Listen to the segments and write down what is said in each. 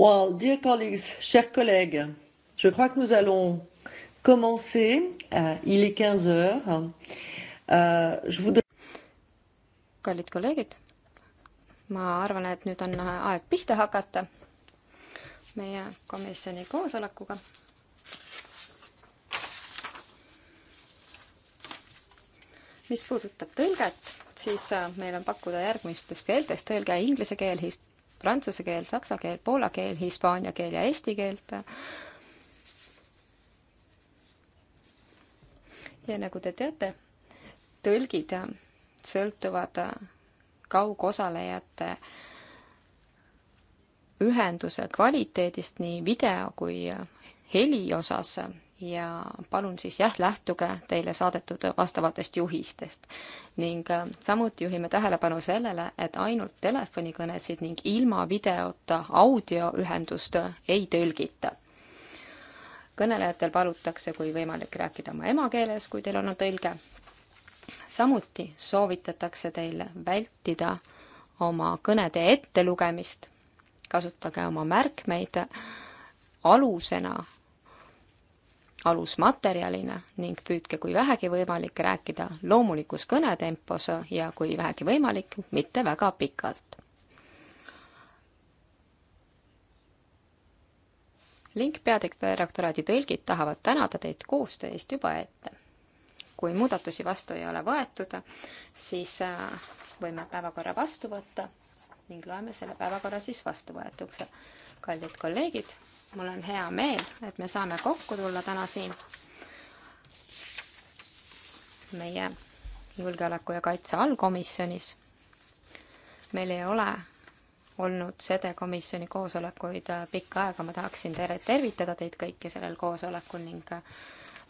Well, dear colleagues, chers collègues, je crois que nous allons commencer. Euh, il est 15 heures. Euh, je voudrais... Kallid kolleegid, ma arvan, et nüüd on aeg pihta hakata meie komisjoni koosolekuga. mis puudutab tõlget, siis äh, meil on pakkuda järgmistest keeltest tõlge inglise keel, prantsuse keel, saksa keel, poola keel, hispaania keel ja eesti keelt. ja nagu te teate, tõlgid sõltuvad kaugosalejate ühenduse kvaliteedist nii video kui heli osas ja palun siis jah, lähtuge teile saadetud vastavatest juhistest. ning äh, samuti juhime tähelepanu sellele, et ainult telefonikõnesid ning ilma videota audioühendust äh, ei tõlgita. kõnelejatel palutakse, kui võimalik, rääkida oma emakeeles, kui teil on tõlge. samuti soovitatakse teil vältida oma kõnede ettelugemist, kasutage oma märkmeid alusena alusmaterjalina ning püüdke, kui vähegi võimalik, rääkida loomulikus kõnetempos ja kui vähegi võimalik, mitte väga pikalt. link peadirektoraadi tõlgid tahavad tänada teid koostöö eest juba ette. kui muudatusi vastu ei ole võetud, siis äh, võime päevakorra vastu võtta ning loeme selle päevakorra siis vastuvõetuks. kallid kolleegid, mul on hea meel, et me saame kokku tulla täna siin meie julgeoleku ja kaitse allkomisjonis. meil ei ole olnud sede komisjoni koosolekuid äh, pikka aega, ma tahaksin teile tervitada teid kõiki sellel koosolekul ning äh,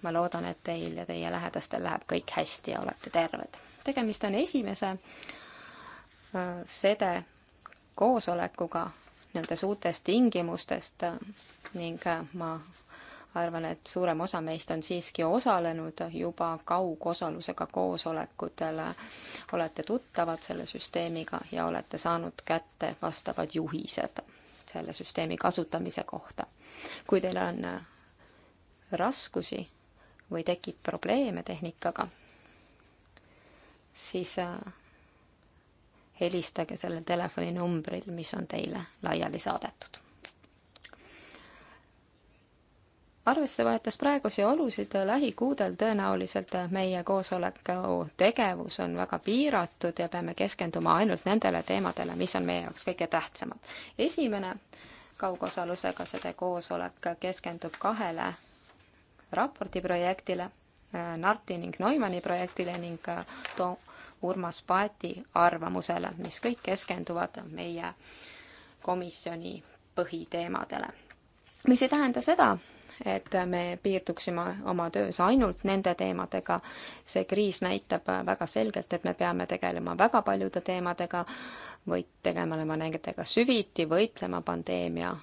ma loodan, et teil ja teie lähedastel läheb kõik hästi ja olete terved. tegemist on esimese äh, sede koosolekuga nendest uutest tingimustest ning ma arvan, et suurem osa meist on siiski osalenud juba kaugosalusega koosolekutel, olete tuttavad selle süsteemiga ja olete saanud kätte vastavad juhised selle süsteemi kasutamise kohta. kui teil on raskusi või tekib probleeme tehnikaga, siis äh, helistage sellel telefoninumbril, mis on teile laiali saadetud. arvesse võetes praegusi olusid lähikuudel tõenäoliselt meie koosoleku tegevus on väga piiratud ja peame keskenduma ainult nendele teemadele, mis on meie jaoks kõige tähtsamad. esimene kaugosalusega sede koosolek keskendub kahele raportiprojektile, Narti ning Neumanni projektile ning to-, Urmas Paeti arvamusele, mis kõik keskenduvad meie komisjoni põhiteemadele. mis ei tähenda seda, et me piirduksime oma töös ainult nende teemadega. see kriis näitab väga selgelt, et me peame tegelema väga paljude teemadega, või tegelema nendega süviti, võitlema pandeemia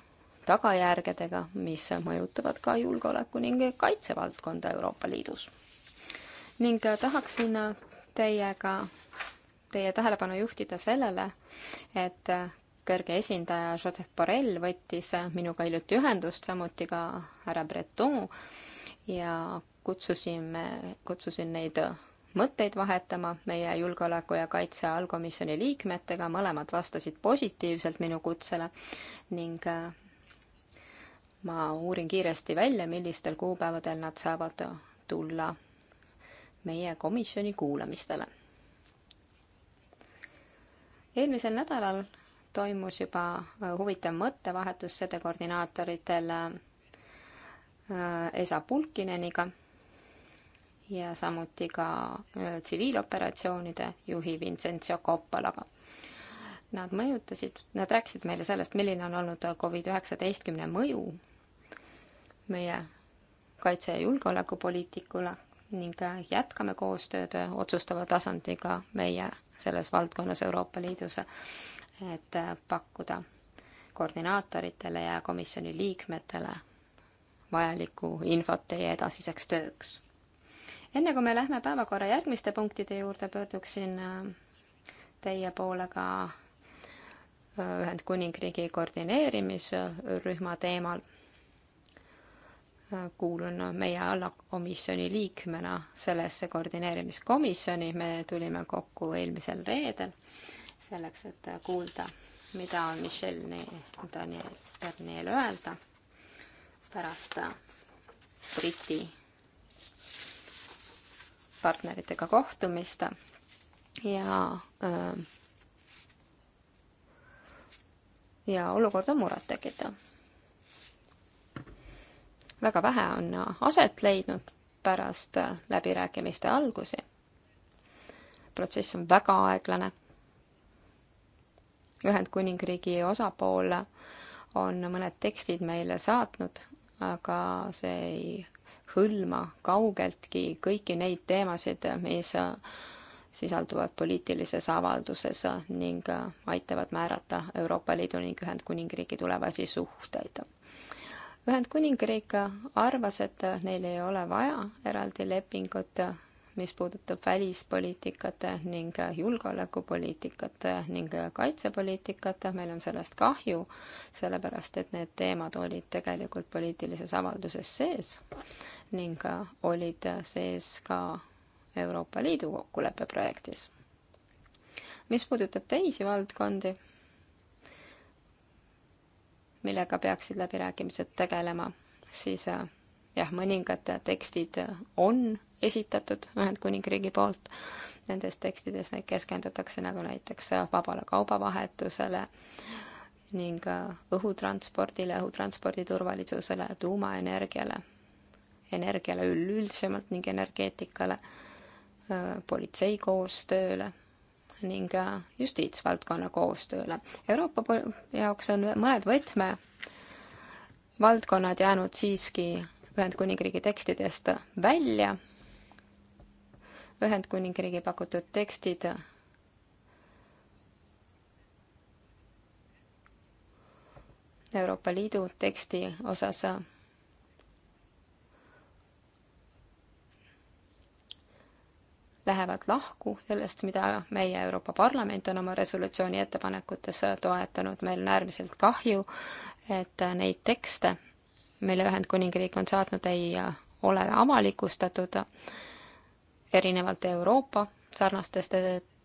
tagajärgedega, mis mõjutavad ka julgeoleku ning kaitsevaldkonda Euroopa Liidus. ning tahaksin teiega, teie tähelepanu juhtida sellele, et kõrge esindaja Joseph Borrell võttis minuga hiljuti ühendust, samuti ka härra Breton ja kutsusime, kutsusin neid mõtteid vahetama meie julgeoleku ja kaitse allkomisjoni liikmetega, mõlemad vastasid positiivselt minu kutsele ning äh, ma uurin kiiresti välja, millistel kuupäevadel nad saavad tulla meie komisjoni kuulamistele. eelmisel nädalal toimus juba äh, huvitav mõttevahetus sede koordinaatoritel äh, Esa Pulkineniga ja samuti ka äh, tsiviiloperatsioonide juhi Vincenzo Coppolaga. Nad mõjutasid, nad rääkisid meile sellest, milline on olnud Covid-19 mõju meie kaitse- ja julgeolekupoliitikule ning jätkame koostööd otsustava tasandiga meie selles valdkonnas Euroopa Liidus, et pakkuda koordinaatoritele ja komisjoni liikmetele vajalikku infot teie edasiseks tööks. enne kui me lähme päevakorra järgmiste punktide juurde, pöörduksin teie poole ka Ühendkuningriigi koordineerimisrühma teemal kuulun meie allakomisjoni liikmena sellesse koordineerimiskomisjoni, me tulime kokku eelmisel reedel selleks, et kuulda, mida on Michel Barnier öelda pärast Briti partneritega kohtumist ja äh, ja olukord on murettekitav väga vähe on aset leidnud pärast läbirääkimiste algusi. protsess on väga aeglane. Ühendkuningriigi osapool on mõned tekstid meile saatnud, aga see ei hõlma kaugeltki kõiki neid teemasid, mis sisalduvad poliitilises avalduses ning aitavad määrata Euroopa Liidu ning Ühendkuningriigi tulevasi suhteid. Ühendkuningriik arvas, et neil ei ole vaja eraldi lepingut, mis puudutab välispoliitikat ning julgeolekupoliitikat ning kaitsepoliitikat, meil on sellest kahju, sellepärast et need teemad olid tegelikult poliitilises avalduses sees ning olid sees ka Euroopa Liidu kokkuleppe projektis. mis puudutab teisi valdkondi millega peaksid läbirääkimised tegelema, siis äh, jah, mõningad tekstid on esitatud Ühendkuningriigi poolt, nendes tekstides neid keskendutakse nagu näiteks äh, vabale kaubavahetusele ning äh, õhutranspordile, õhutranspordi turvalisusele, tuumaenergiale, energiale üleüldisemalt ning energeetikale, politsei koostööle ning äh, justiitsvaldkonna koostööle. Euroopa jaoks on mõned võtme valdkonnad jäänud siiski Ühendkuningriigi tekstidest välja. Ühendkuningriigi pakutud tekstid Euroopa Liidu teksti osas lähevad lahku sellest, mida meie Euroopa Parlament on oma resolutsiooni ettepanekutes toetanud, meil on äärmiselt kahju, et neid tekste, mille Ühendkuningriik on saatnud, ei ole avalikustatud, erinevalt Euroopa sarnastest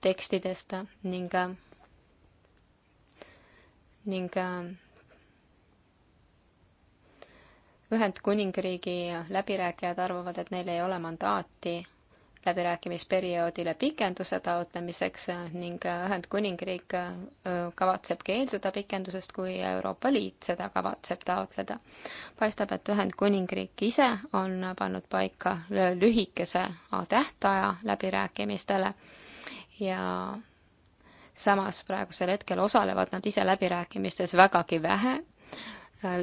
tekstidest ning ning Ühendkuningriigi läbirääkijad arvavad, et neil ei ole mandaati läbirääkimisperioodile pikenduse taotlemiseks ning Ühendkuningriik äh, kavatseb keelduda pikendusest, kui Euroopa Liit seda kavatseb taotleda. paistab, et Ühendkuningriik ise on pannud paika lühikese tähtaja läbirääkimistele ja samas praegusel hetkel osalevad nad ise läbirääkimistes vägagi vähe,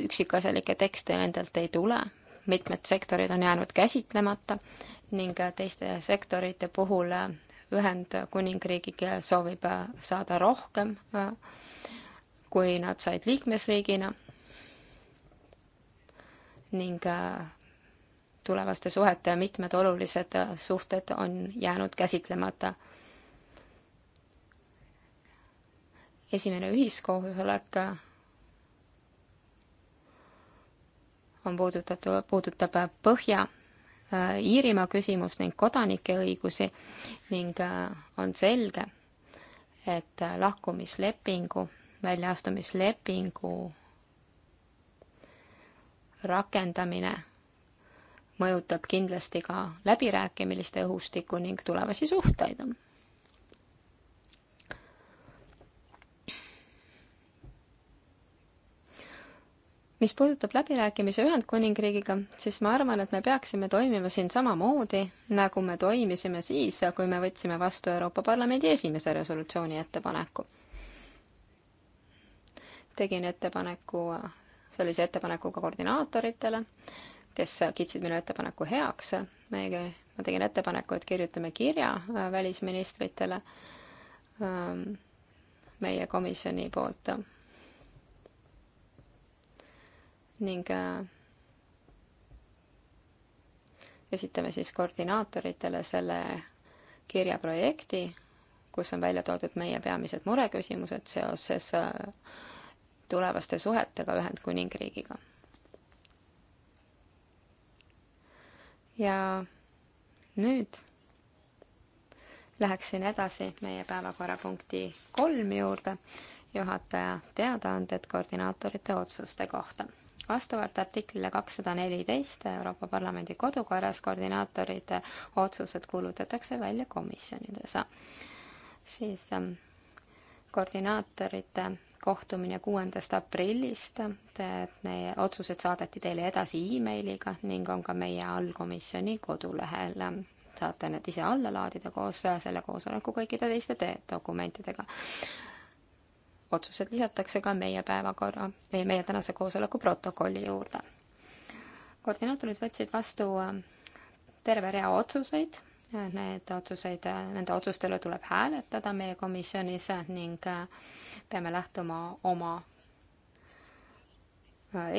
üksikasjalikke tekste nendelt ei tule, mitmed sektorid on jäänud käsitlemata ning teiste sektorite puhul Ühendkuningriigik soovib saada rohkem, kui nad said liikmesriigina ning tulevaste suhete mitmed olulised suhted on jäänud käsitlemata. esimene ühiskoosolek on puudutatud, puudutab Põhja Äh, Iirimaa küsimust ning kodanike õigusi ning äh, on selge, et äh, lahkumislepingu, väljaastumislepingu rakendamine mõjutab kindlasti ka läbirääkimiste õhustikku ning tulevasi suhteid mis puudutab läbirääkimisi Ühendkuningriigiga, siis ma arvan, et me peaksime toimima siin samamoodi, nagu me toimisime siis, kui me võtsime vastu Euroopa Parlamendi esimese resolutsiooni ettepaneku. tegin ettepaneku, sellise ettepaneku ka koordinaatoritele, kes kiitsid minu ettepaneku heaks, meie, ma tegin ettepaneku, et kirjutame kirja äh, välisministritele ähm, meie komisjoni poolt ning äh, esitame siis koordinaatoritele selle kirja projekti, kus on välja toodud meie peamised mureküsimused seoses äh, tulevaste suhetega Ühendkuningriigiga. ja nüüd läheksin edasi meie päevakorrapunkti kolm juurde, juhataja teadaanded koordinaatorite otsuste kohta vastavalt artiklile kakssada neliteist Euroopa Parlamendi kodukorras koordinaatorite otsused kuulutatakse välja komisjonides. siis ähm, koordinaatorite kohtumine kuuendast aprillist, et meie otsused saadeti teile edasi emailiga ning on ka meie allkomisjoni kodulehel. saate need ise alla laadida koos äh, selle koosoleku kõikide teiste dokumentidega otsused lisatakse ka meie päevakorra, meie tänase koosoleku protokolli juurde. koordinaatorid võtsid vastu äh, terve rea otsuseid, need otsuseid, äh, nende otsuste üle tuleb hääletada meie komisjonis ning äh, peame lähtuma oma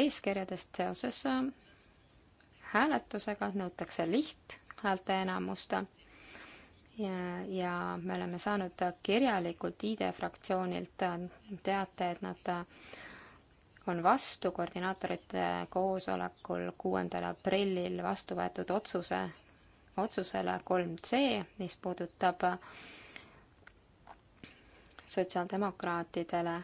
eeskirjadest seoses hääletusega, nõutakse lihthäälte enamust ja, ja me oleme saanud kirjalikult ID fraktsioonilt äh, teate, et nad äh, on vastu koordinaatorite koosolekul kuuendal aprillil vastu võetud otsuse, otsusele kolm C, mis puudutab äh, sotsiaaldemokraatidele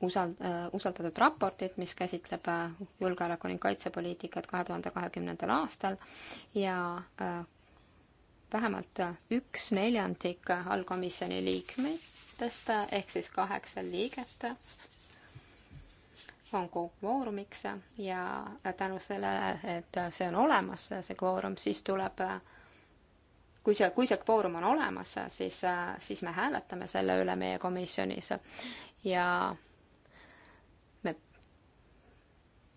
usald-, äh, usaldatud raportit, mis käsitleb äh, julgeoleku ning kaitsepoliitikat kahe tuhande kahekümnendal aastal ja äh, vähemalt üks neljandik allkomisjoni liikmetest ehk siis kaheksa liiget on kvoorumiks ja tänu sellele, et see on olemas, see kvoorum, siis tuleb kui see, kui see kvoorum on olemas, siis, siis me hääletame selle üle meie komisjonis ja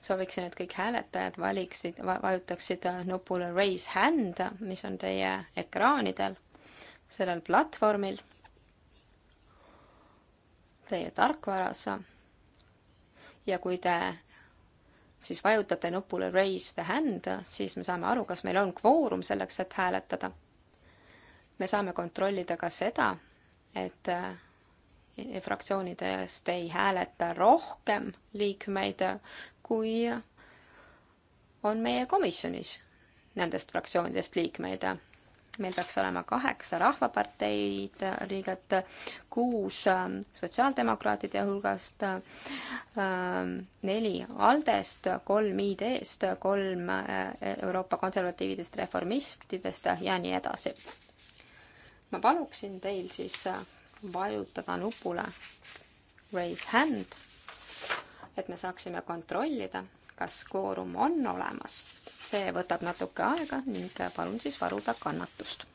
sooviksin, et kõik hääletajad valiksid, vajutaksid äh, nupule Raise Hand, mis on teie ekraanidel, sellel platvormil, teie tarkvaras. ja kui te siis vajutate nupule Raise the Hand, siis me saame aru, kas meil on kvoorum selleks, et hääletada. me saame kontrollida ka seda, et äh, e-, fraktsioonidest ei hääleta rohkem liikmeid kui on meie komisjonis nendest fraktsioonidest liikmeid. meil peaks olema kaheksa Rahvaparteid liiget, kuus ähm, sotsiaaldemokraatide hulgast, ähm, neli ALDE-st, kolm ID-st, kolm äh, Euroopa konservatiividest reformistidest ja nii edasi. ma paluksin teil siis äh, vajutada nupule Raise hand et me saaksime kontrollida, kas kvoorum on olemas. see võtab natuke aega ning palun siis varuda kannatust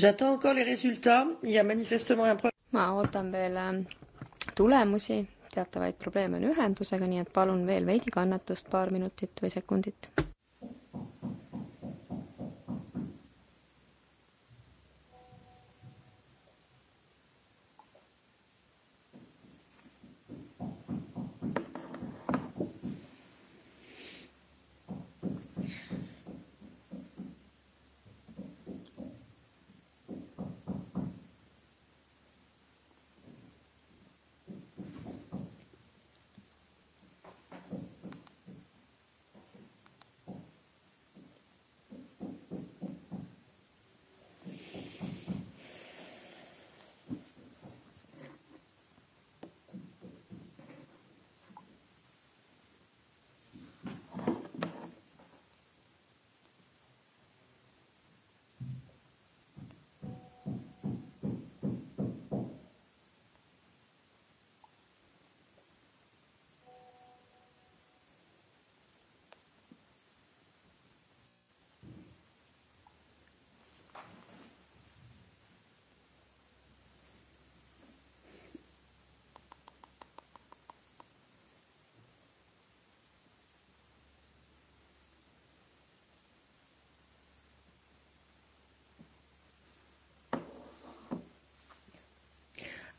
J'attends encore les résultats, il y a manifestement un problème. ma ootan veel äh, tulemusi, teatavaid probleeme on ühendusega, nii et palun veel veidi kannatust, paar minutit või sekundit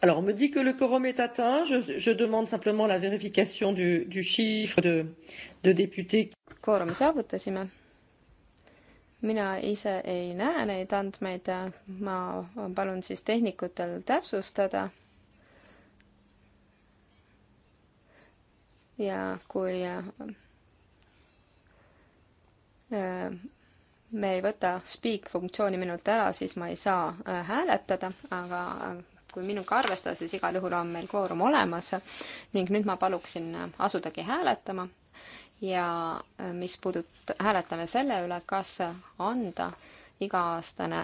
Alors, on me dit que le quorum est atteint. Je, je demande simplement la vérification du, du chiffre de, de députés. Quorum saavutasime. mina ise ei näe neid andmeid. ma palun siis tehnikutel täpsustada. ja kui äh, me ei võta speak funktsiooni minult ära, siis ma ei saa äh, hääletada, aga äh, kui minuga arvestada, siis igal juhul on meil kvoorum olemas ning nüüd ma paluksin asudagi hääletama ja äh, mis puudut-, hääletame selle üle, kas anda iga-aastane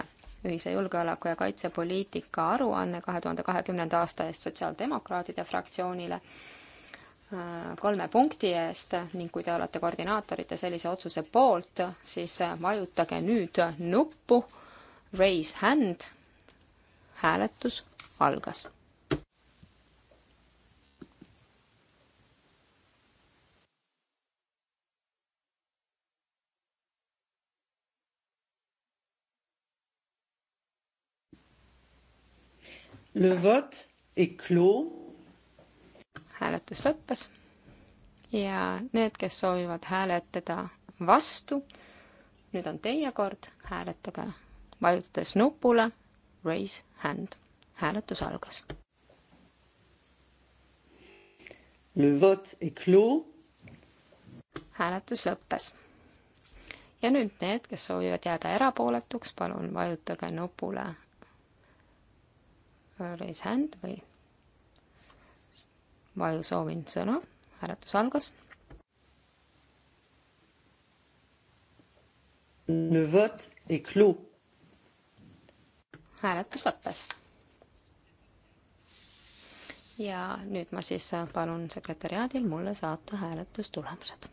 ühise julgeoleku- ja kaitsepoliitika aruanne kahe tuhande kahekümnenda aasta eest Sotsiaaldemokraatide fraktsioonile äh, kolme punkti eest ning kui te olete koordinaatorite sellise otsuse poolt, siis äh, vajutage nüüd nuppu Raise hand, hääletus algas. Le vote est clos. hääletus lõppes ja need, kes soovivad hääletada vastu, nüüd on teie kord, hääletage vajutades nupule Raise hand hääletus algas. hääletus lõppes. ja nüüd need, kes soovivad jääda erapooletuks, palun vajutage nupule raise hand või vaju soovin sõna, hääletus algas. hääletus lõppes ja nüüd ma siis palun sekretäriaadil mulle saata hääletustulemused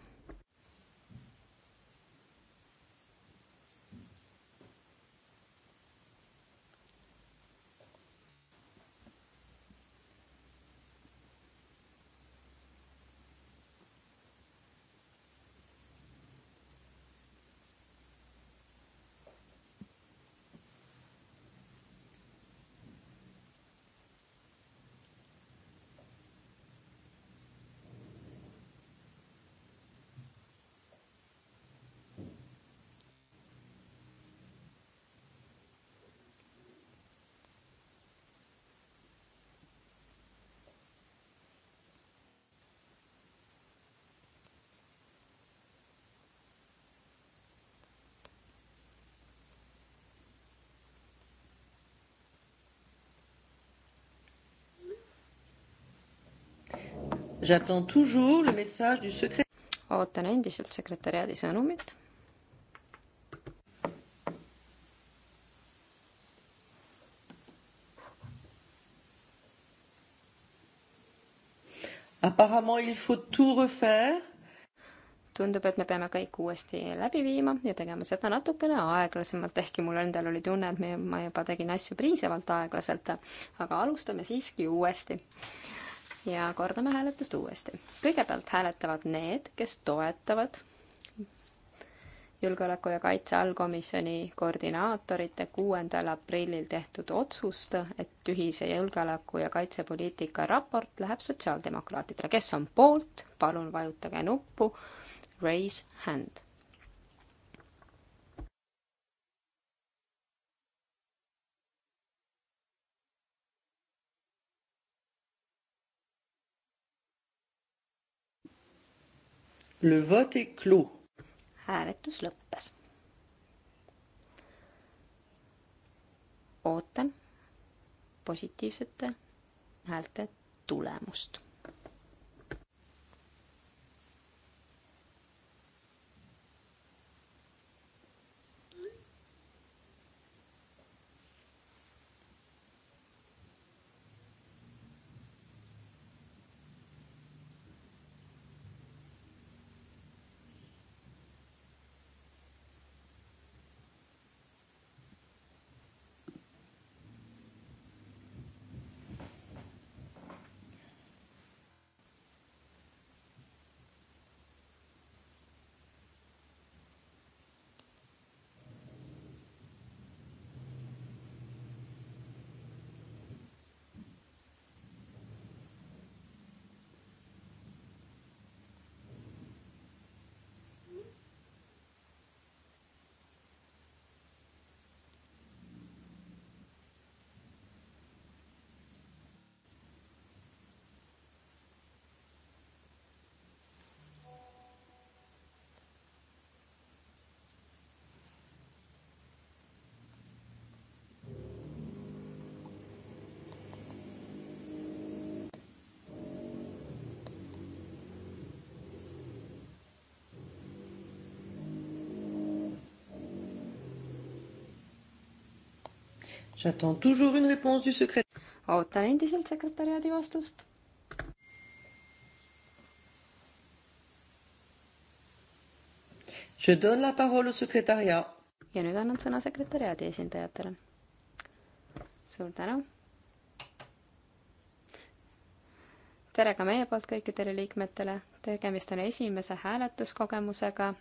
J'attends toujours le message du secret. ootan endiselt sekretäriaadi sõnumit. Apparemment il faut tout refaire. tundub, et me peame kõik uuesti läbi viima ja tegema seda natukene aeglasemalt, ehkki mul endal oli tunne, et me, ma juba tegin asju piisavalt aeglaselt, aga alustame siiski uuesti ja kordame hääletust uuesti. kõigepealt hääletavad need, kes toetavad julgeoleku ja kaitse allkomisjoni koordinaatorite kuuendal aprillil tehtud otsust, et ühise julgeoleku ja kaitsepoliitika raport läheb sotsiaaldemokraatidele. kes on poolt, palun vajutage nuppu Raise hand Le vote est clos. Hääletus lõppes. Ootan positiivsete häälte tulemust ootan endiselt sekretäriaadi vastust Je donne la parole au secrétariat. ja nüüd annan sõna sekretäriaadi esindajatele. suur tänu. tere ka meie poolt kõikidele liikmetele. tegemist on esimese hääletuskogemusega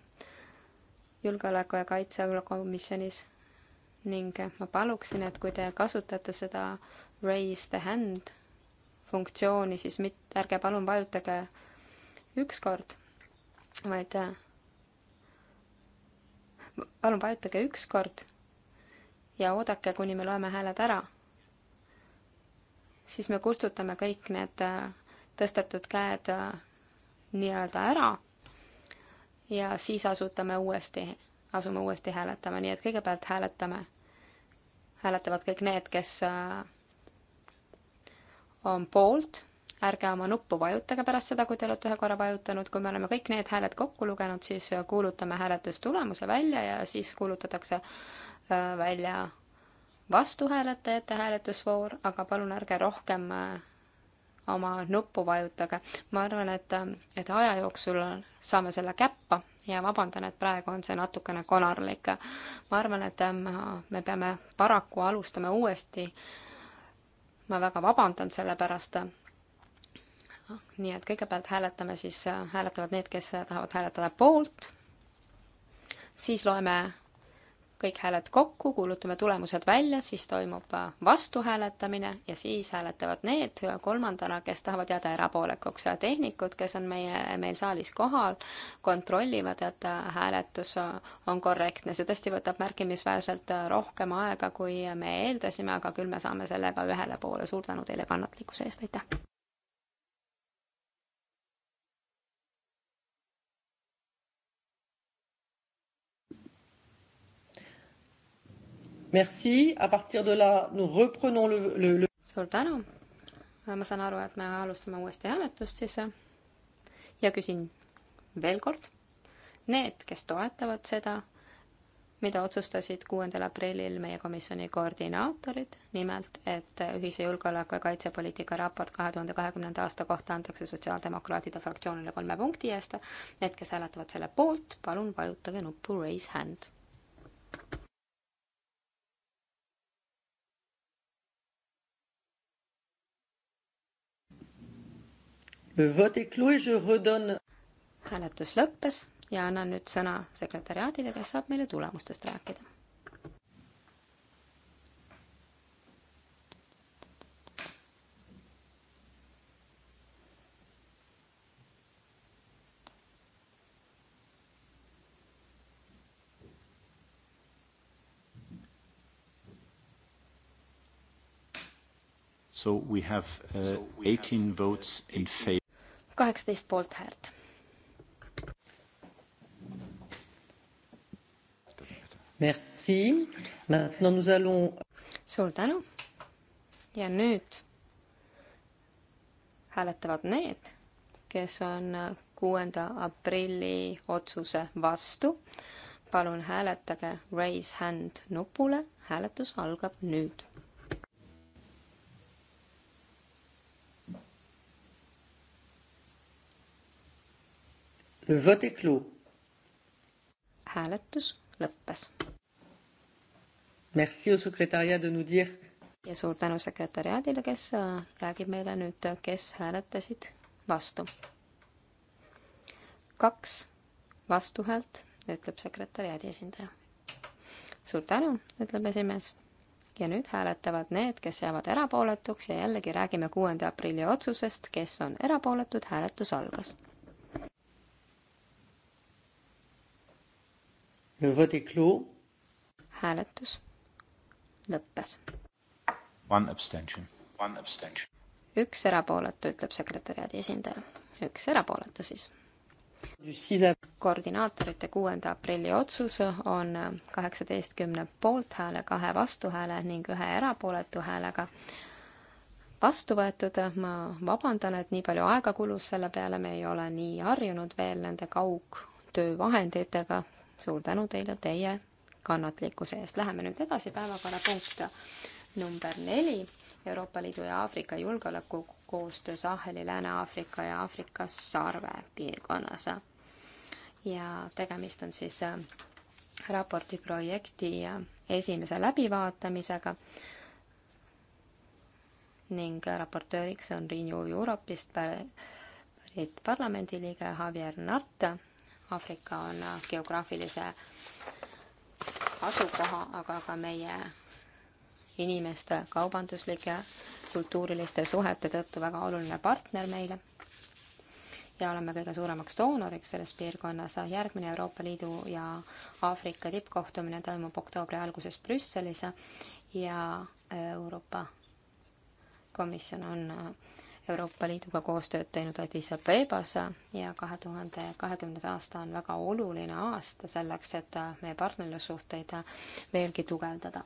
julgeoleku ja kaitse komisjonis ning ma paluksin, et kui te kasutate seda raise the hand funktsiooni, siis mitte, ärge palun vajutage ükskord, vaid palun vajutage ükskord ja oodake, kuni me loeme hääled ära. siis me kustutame kõik need tõstetud käed nii-öelda ära ja siis asutame uuesti asume uuesti hääletama, nii et kõigepealt hääletame, hääletavad kõik need, kes äh, on poolt, ärge oma nuppu vajutage pärast seda, kui te olete ühe korra vajutanud, kui me oleme kõik need hääled kokku lugenud, siis äh, kuulutame hääletustulemuse välja ja siis kuulutatakse äh, välja vastuhääletajate hääletusvoor, aga palun ärge rohkem oma nuppu vajutage. ma arvan, et, et aja jooksul saame selle käppa ja vabandan, et praegu on see natukene konarlik. ma arvan, et ähm, me peame paraku alustama uuesti. ma väga vabandan selle pärast. nii et kõigepealt hääletame siis, äh, hääletavad need, kes tahavad hääletada poolt, siis loeme kõik hääled kokku, kuulutame tulemused välja, siis toimub äh, vastuhääletamine ja siis hääletavad need kolmandana, kes tahavad jääda erapoolekuks. tehnikud, kes on meie, meil saalis kohal, kontrollivad, et äh, hääletus äh, on korrektne. see tõesti võtab märkimisväärselt rohkem aega, kui me eeldasime, aga küll me saame sellega ühele poole. suur tänu teile kannatlikkuse eest, aitäh! Merci, à partir de là, nous reprenons le, le, le... suur tänu. ma saan aru, et me alustame uuesti hääletust siis. ja küsin veel kord. Need, kes toetavad seda, mida otsustasid kuuendal aprillil meie komisjoni koordinaatorid, nimelt, et ühise julgeoleku ja kaitsepoliitika raport kahe tuhande kahekümnenda aasta kohta antakse Sotsiaaldemokraatide fraktsioonile kolme punkti eest. Need, kes hääletavad selle poolt, palun vajutage nuppu Raise hand Le vote est clos et je redonne. hääletus lõppes ja annan nüüd sõna sekretäriaadile, kes saab meile tulemustest rääkida. So we have uh, 18 votes in favor kaheksateist poolthäält. Merci, maintenant nous allons. suur tänu. ja nüüd hääletavad need, kes on kuuenda aprilli otsuse vastu. palun hääletage raise hand nupule, hääletus algab nüüd Le vote est clos. Hääletus lõppes. Merci au secrétariat de nous dire. ja suur tänu sekretäriaadile, kes äh, räägib meile nüüd, kes hääletasid vastu. kaks vastuhäält, ütleb sekretäriaadi esindaja. suur tänu, ütleb esimees. ja nüüd hääletavad need, kes jäävad erapooletuks ja jällegi räägime kuuenda aprilli otsusest, kes on erapooletud, hääletus algas hääletus lõppes. üks erapooletu, ütleb sekretäriaadi esindaja. üks erapooletu siis. koordinaatorite kuuenda aprilli otsus on kaheksateistkümne poolthääle, kahe vastuhääle ning ühe erapooletu häälega vastu võetud, ma vabandan, et nii palju aega kulus selle peale, me ei ole nii harjunud veel nende kaugtöövahenditega, suur tänu teile teie kannatlikkuse eest. Läheme nüüd edasi, päevakorrapunkt number neli. Euroopa Liidu ja Aafrika julgeolekukoostöö Saheli, Lääne-Aafrika ja Aafrika sarve piirkonnas. ja tegemist on siis äh, raporti projekti äh, esimese läbivaatamisega ning äh, raportööriks on Renew Europe'ist pärit parlamendiliige Javier Narta Aafrika on äh, geograafilise asukoha, aga ka meie inimeste kaubanduslike kultuuriliste suhete tõttu väga oluline partner meile ja oleme kõige suuremaks doonoriks selles piirkonnas. järgmine Euroopa Liidu ja Aafrika tippkohtumine toimub oktoobri alguses Brüsselis ja Euroopa Komisjon on äh, Euroopa Liiduga koostööd teinud Addis Abebas ja kahe tuhande kahekümnes aasta on väga oluline aasta selleks, et meie partnerlussuhteid veelgi tugevdada.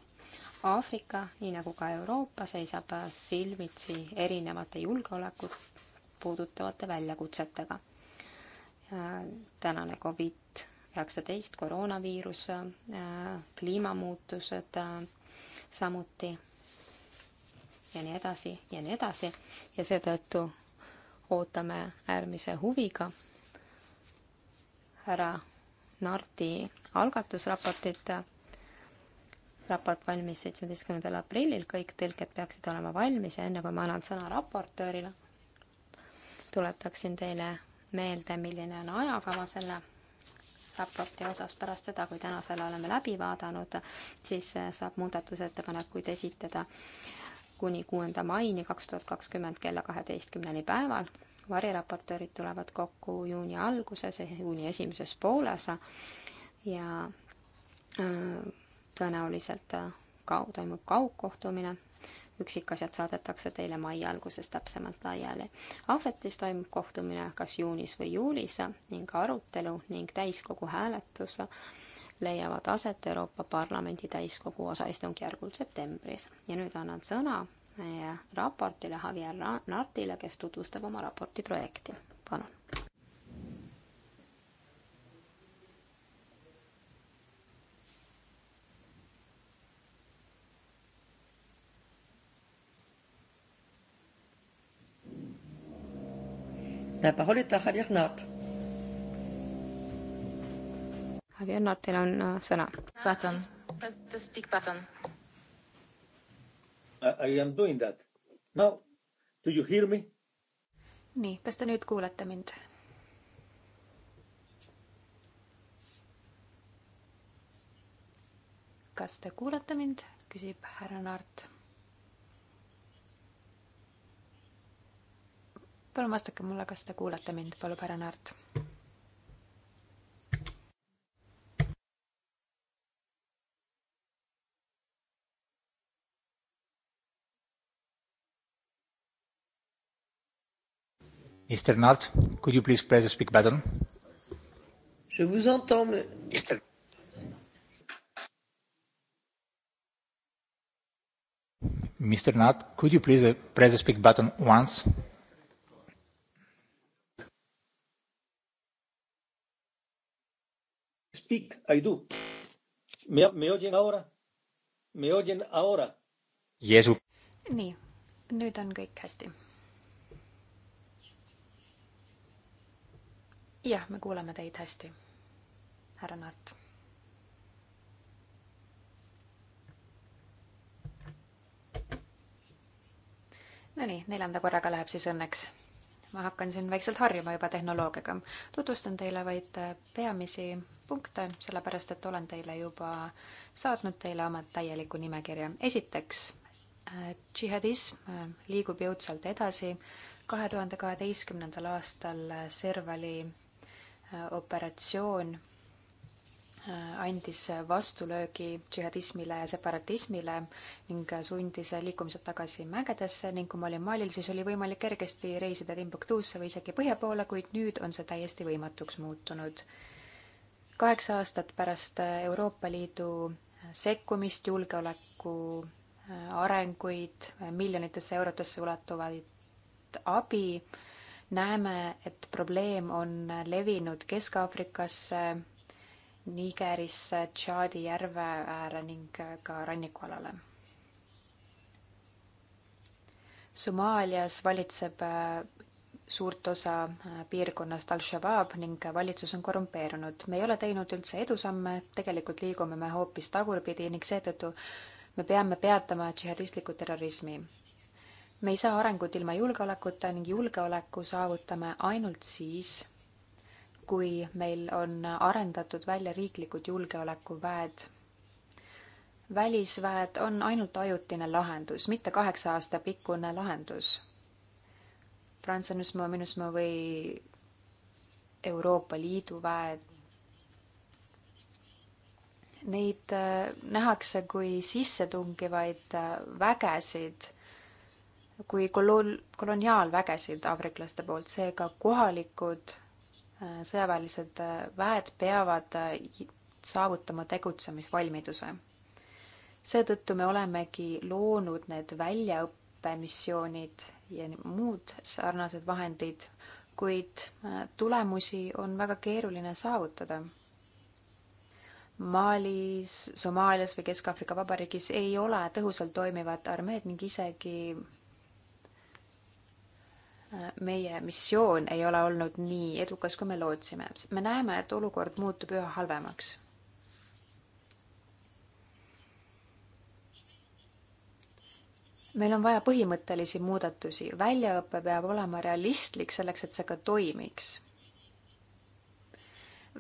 Aafrika, nii nagu ka Euroopa, seisab silmitsi erinevate julgeolekut puudutavate väljakutsetega. tänane Covid üheksateist, koroonaviirus, kliimamuutused, samuti ja nii edasi ja nii edasi ja seetõttu ootame äärmise huviga härra Narti algatusraportit. raport valmis seitsmeteistkümnendal aprillil, kõik tõlked peaksid olema valmis ja enne kui ma annan sõna raportöörile, tuletaksin teile meelde, milline on ajakava selle raporti osas pärast seda, kui täna selle oleme läbi vaadanud, siis saab muudatusettepanekuid esitada kuni kuuenda maini kaks tuhat kakskümmend kella kaheteistkümneni päeval. variraportöörid tulevad kokku juuni alguses, juuni esimeses pooles ja äh, tõenäoliselt äh, ka toimub kaugkohtumine üksikasjad saadetakse teile mai alguses täpsemalt laiali. ahvetis toimub kohtumine kas juunis või juulis ning arutelu ning täiskogu hääletus leiavad aset Euroopa Parlamendi täiskogu osaistungjärgul septembris. ja nüüd annan sõna meie raportile Javier Nardile, kes tutvustab oma raporti projekti. palun. La parole est à Javier Nart. Javier, teil on äh, sõna. Button. Press the speak button. I am doing that. Now, do you hear me? nii, kas te nüüd kuulete mind? kas te kuulete mind, küsib härra Naart. palun vastake mulle, kas te kuulete mind, palub härra Naart Mr. Nart, could you please press the speak button? Je vous entends. Me... Mr. Mr. Nart, could you please uh, press the speak button once? Speak, I do. ¿Me, me oyen ahora? ¿Me oyen ahora? Yes. Nii, nüüd on kõik hästi jah, me kuuleme teid hästi, härra Naart. Nonii, neljanda korraga läheb siis õnneks. ma hakkan siin vaikselt harjuma juba tehnoloogiaga. tutvustan teile vaid peamisi punkte, sellepärast et olen teile juba saatnud teile oma täieliku nimekirja. esiteks, džihadism liigub jõudsalt edasi. kahe tuhande kaheteistkümnendal aastal Servali operatsioon äh, andis vastulöögi džihadismile ja separatismile ning sundis liikumised tagasi mägedesse ning kui ma olin Malil, siis oli võimalik kergesti reisida Timbuktuusse või isegi põhja poole, kuid nüüd on see täiesti võimatuks muutunud. kaheksa aastat pärast Euroopa Liidu sekkumist, julgeoleku äh, arenguid, miljonitesse eurodesse ulatuvaid abi näeme, et probleem on levinud Kesk-Aafrikasse, Nigerisse, Tšaadi järve ääre ning ka rannikualale. Somaalias valitseb äh, suurt osa äh, piirkonnast Al-Shabaab ning valitsus on korrumpeerunud. me ei ole teinud üldse edusamme, tegelikult liigume me hoopis tagurpidi ning seetõttu me peame peatama džihadistliku terrorismi me ei saa arengut ilma julgeolekuta ning julgeoleku saavutame ainult siis, kui meil on arendatud välja riiklikud julgeolekuväed. välisväed on ainult ajutine lahendus, mitte kaheksa aasta pikkune lahendus. Prantsusmaa, Minusmaa või Euroopa Liidu väed. Neid äh, nähakse kui sissetungivaid äh, vägesid kui kolon-, koloniaalvägesid aafriklaste poolt, seega kohalikud äh, sõjaväelised äh, väed peavad äh, saavutama tegutsemisvalmiduse. seetõttu me olemegi loonud need väljaõppemissioonid ja muud sarnased vahendid, kuid tulemusi on väga keeruline saavutada. Malis, Somaalias või Kesk-Aafrika Vabariigis ei ole tõhusalt toimivat armeed ning isegi meie missioon ei ole olnud nii edukas, kui me lootsime. me näeme, et olukord muutub üha halvemaks. meil on vaja põhimõttelisi muudatusi, väljaõpe peab olema realistlik selleks, et see ka toimiks.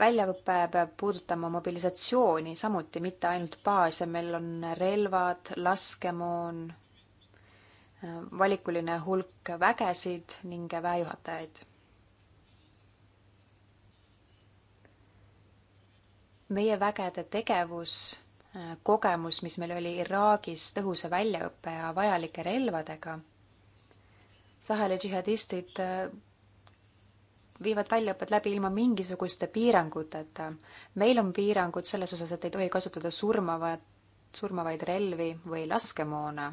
väljaõpe peab puudutama mobilisatsiooni samuti, mitte ainult baase, meil on relvad, laskemoon valikuline hulk vägesid ning väejuhatajaid. meie vägede tegevus, äh, kogemus, mis meil oli Iraagis tõhusa väljaõppe ja vajalike relvadega, Saheli džihadistid äh, viivad väljaõpped läbi ilma mingisuguste piiranguteta. meil on piirangud selles osas, et ei tohi kasutada surmavat, surmavaid relvi või laskemoona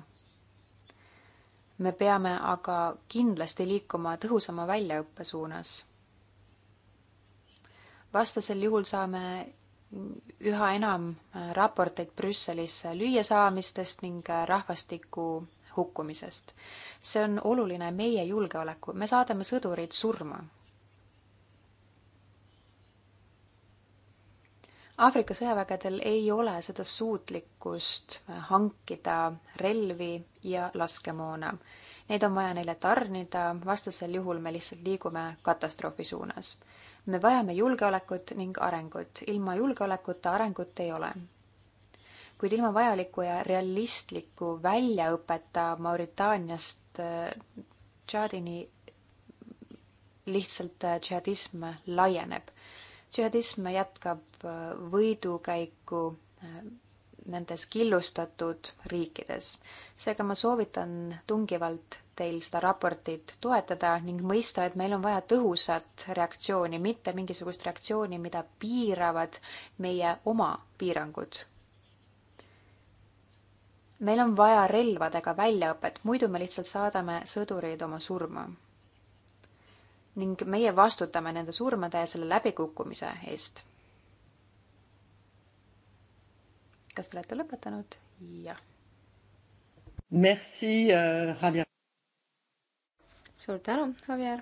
me peame aga kindlasti liikuma tõhusama väljaõppe suunas. vastasel juhul saame üha enam raporteid Brüsselis lüüasaamistest ning rahvastiku hukkumisest. see on oluline meie julgeoleku, me saadame sõdurid surma Aafrika sõjavägedel ei ole seda suutlikkust hankida relvi ja laskemoona. Neid on vaja neile tarnida, vastasel juhul me lihtsalt liigume katastroofi suunas. me vajame julgeolekut ning arengut, ilma julgeolekuta arengut ei ole. kuid ilma vajaliku ja realistliku väljaõpeta Mauritaaniast äh, Tšaadini lihtsalt äh, džihadism laieneb džihadism jätkab äh, võidukäiku äh, nendes killustatud riikides. seega ma soovitan tungivalt teil seda raportit toetada ning mõista, et meil on vaja tõhusat reaktsiooni, mitte mingisugust reaktsiooni, mida piiravad meie oma piirangud. meil on vaja relvadega väljaõpet, muidu me lihtsalt saadame sõdureid oma surma ning meie vastutame nende surmade ja selle läbikukkumise eest. kas te olete lõpetanud? jah. Merci äh,, Javier. suur tänu, Javier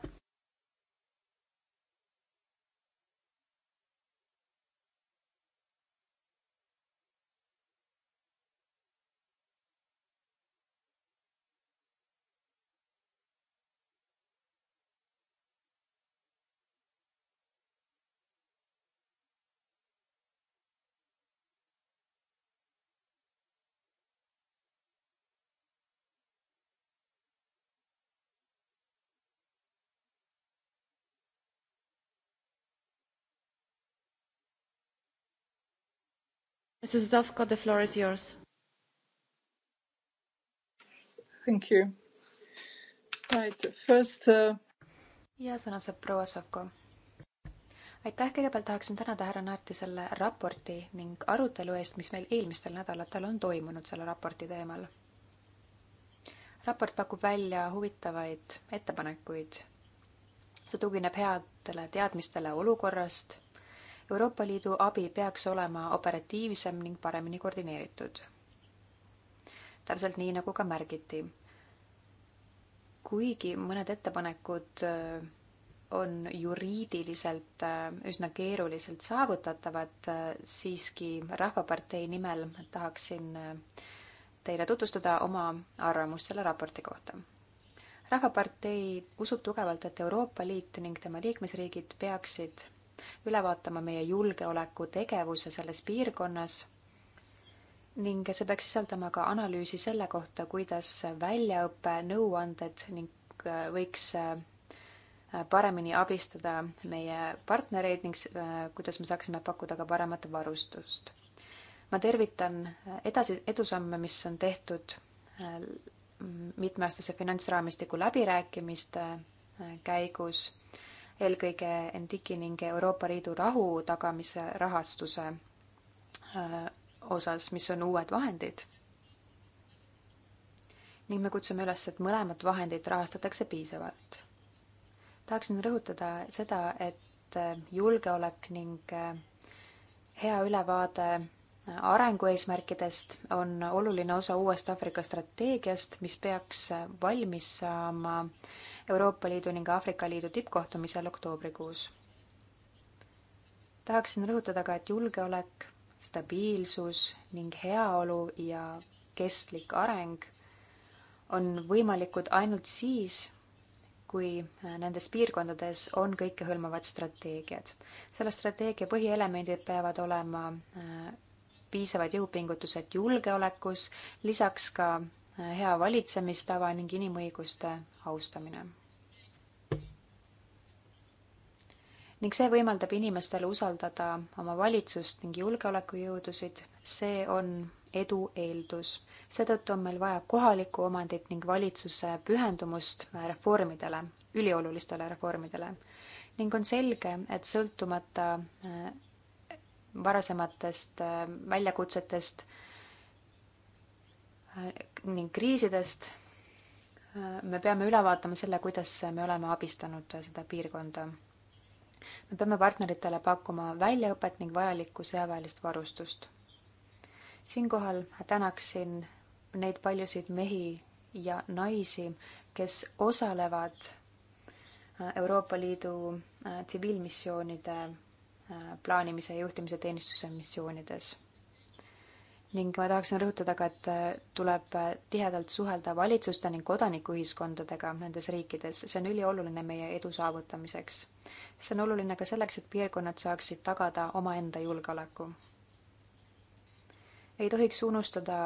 Mrs. Zovko, the floor is yours. Thank you. Right, first uh.... ja sõna saab proua Zovko. aitäh, kõigepealt tahaksin tänada härra Naerti selle raporti ning arutelu eest, mis meil eelmistel nädalatel on toimunud selle raporti teemal. raport pakub välja huvitavaid ettepanekuid. see tugineb headele teadmistele olukorrast Euroopa Liidu abi peaks olema operatiivsem ning paremini koordineeritud. täpselt nii, nagu ka märgiti. kuigi mõned ettepanekud äh, on juriidiliselt äh, üsna keeruliselt saavutatavad, äh, siiski Rahvapartei nimel tahaksin teile tutvustada oma arvamust selle raporti kohta. rahvapartei usub tugevalt, et Euroopa Liit ning tema liikmesriigid peaksid üle vaatama meie julgeolekutegevuse selles piirkonnas ning see peaks sisaldama ka analüüsi selle kohta, kuidas väljaõpe, nõuanded ning äh, võiks äh, paremini abistada meie partnereid ning äh, kuidas me saaksime pakkuda ka paremat varustust. ma tervitan edasi, edusamme, mis on tehtud mitmeaastase finantsraamistiku läbirääkimiste käigus eelkõige NDIC-i ning Euroopa Liidu rahu tagamise rahastuse äh, osas, mis on uued vahendid. ning me kutsume üles, et mõlemat vahendit rahastatakse piisavalt. tahaksin rõhutada seda, et äh, julgeolek ning äh, hea ülevaade arengueesmärkidest on oluline osa uuest Aafrika strateegiast, mis peaks valmis saama Euroopa Liidu ning Aafrika Liidu tippkohtumisel oktoobrikuus. tahaksin rõhutada ka, et julgeolek, stabiilsus ning heaolu ja kestlik areng on võimalikud ainult siis, kui nendes piirkondades on kõikehõlmavad strateegiad. selle strateegia põhielemendid peavad olema äh, piisavad jõupingutused julgeolekus, lisaks ka äh, hea valitsemistava ning inimõiguste austamine. ning see võimaldab inimestel usaldada oma valitsust ning julgeolekujõudusid, see on edu eeldus. seetõttu on meil vaja kohalikku omandit ning valitsuse pühendumust reformidele, üliolulistele reformidele. ning on selge, et sõltumata äh, varasematest äh, väljakutsetest äh, ning kriisidest, me peame üle vaatama selle, kuidas me oleme abistanud seda piirkonda me peame partneritele pakkuma väljaõpet ning vajalikku sõjaväelist varustust. siinkohal tänaksin neid paljusid mehi ja naisi, kes osalevad äh, Euroopa Liidu äh, tsiviilmissioonide äh, plaanimise ja juhtimise teenistuse missioonides ning ma tahaksin rõhutada ka, et äh, tuleb äh, tihedalt suhelda valitsuste ning kodanikuühiskondadega nendes riikides, see on ülioluline meie edu saavutamiseks. see on oluline ka selleks, et piirkonnad saaksid tagada omaenda julgeoleku. ei tohiks unustada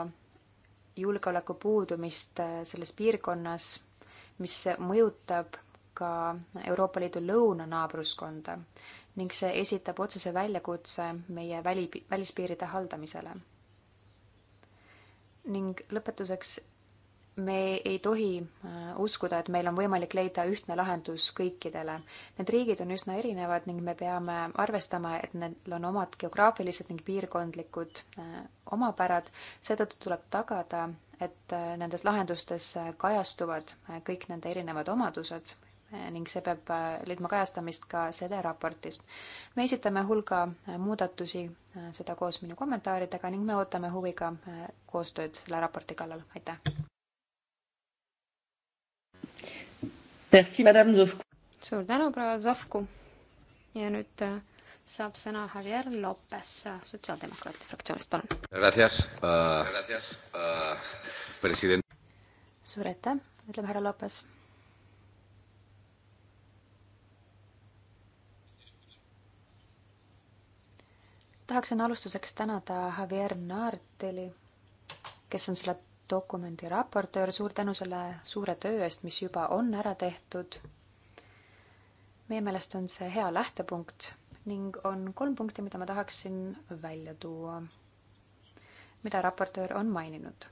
julgeoleku puudumist äh, selles piirkonnas, mis mõjutab ka Euroopa Liidu lõunanaabruskonda ning see esitab otsese väljakutse meie väli, välispiiride haldamisele ning lõpetuseks, me ei tohi äh, uskuda, et meil on võimalik leida ühtne lahendus kõikidele. Need riigid on üsna erinevad ning me peame arvestama, et neil on omad geograafilised ning piirkondlikud äh, omapärad, seetõttu tuleb tagada, et äh, nendes lahendustes kajastuvad kõik nende erinevad omadused Eh, ning see peab eh, leidma kajastamist ka selle raportis. me esitame hulga eh, muudatusi, seda koos minu kommentaaridega ning me ootame huviga koostööd selle raporti kallal, aitäh! Merci, madame Zovku! suur tänu, proua Zovku! ja nüüd saab sõna Javier Lopes Sotsiaaldemokraatide fraktsioonist, palun! Gracias uh,, uh, president! suur aitäh, ütleb härra Lopes tahaksin alustuseks tänada Javier Naarteli, kes on selle dokumendi raportöör, suur tänu selle suure töö eest, mis juba on ära tehtud. meie meelest on see hea lähtepunkt ning on kolm punkti, mida ma tahaksin välja tuua, mida raportöör on maininud.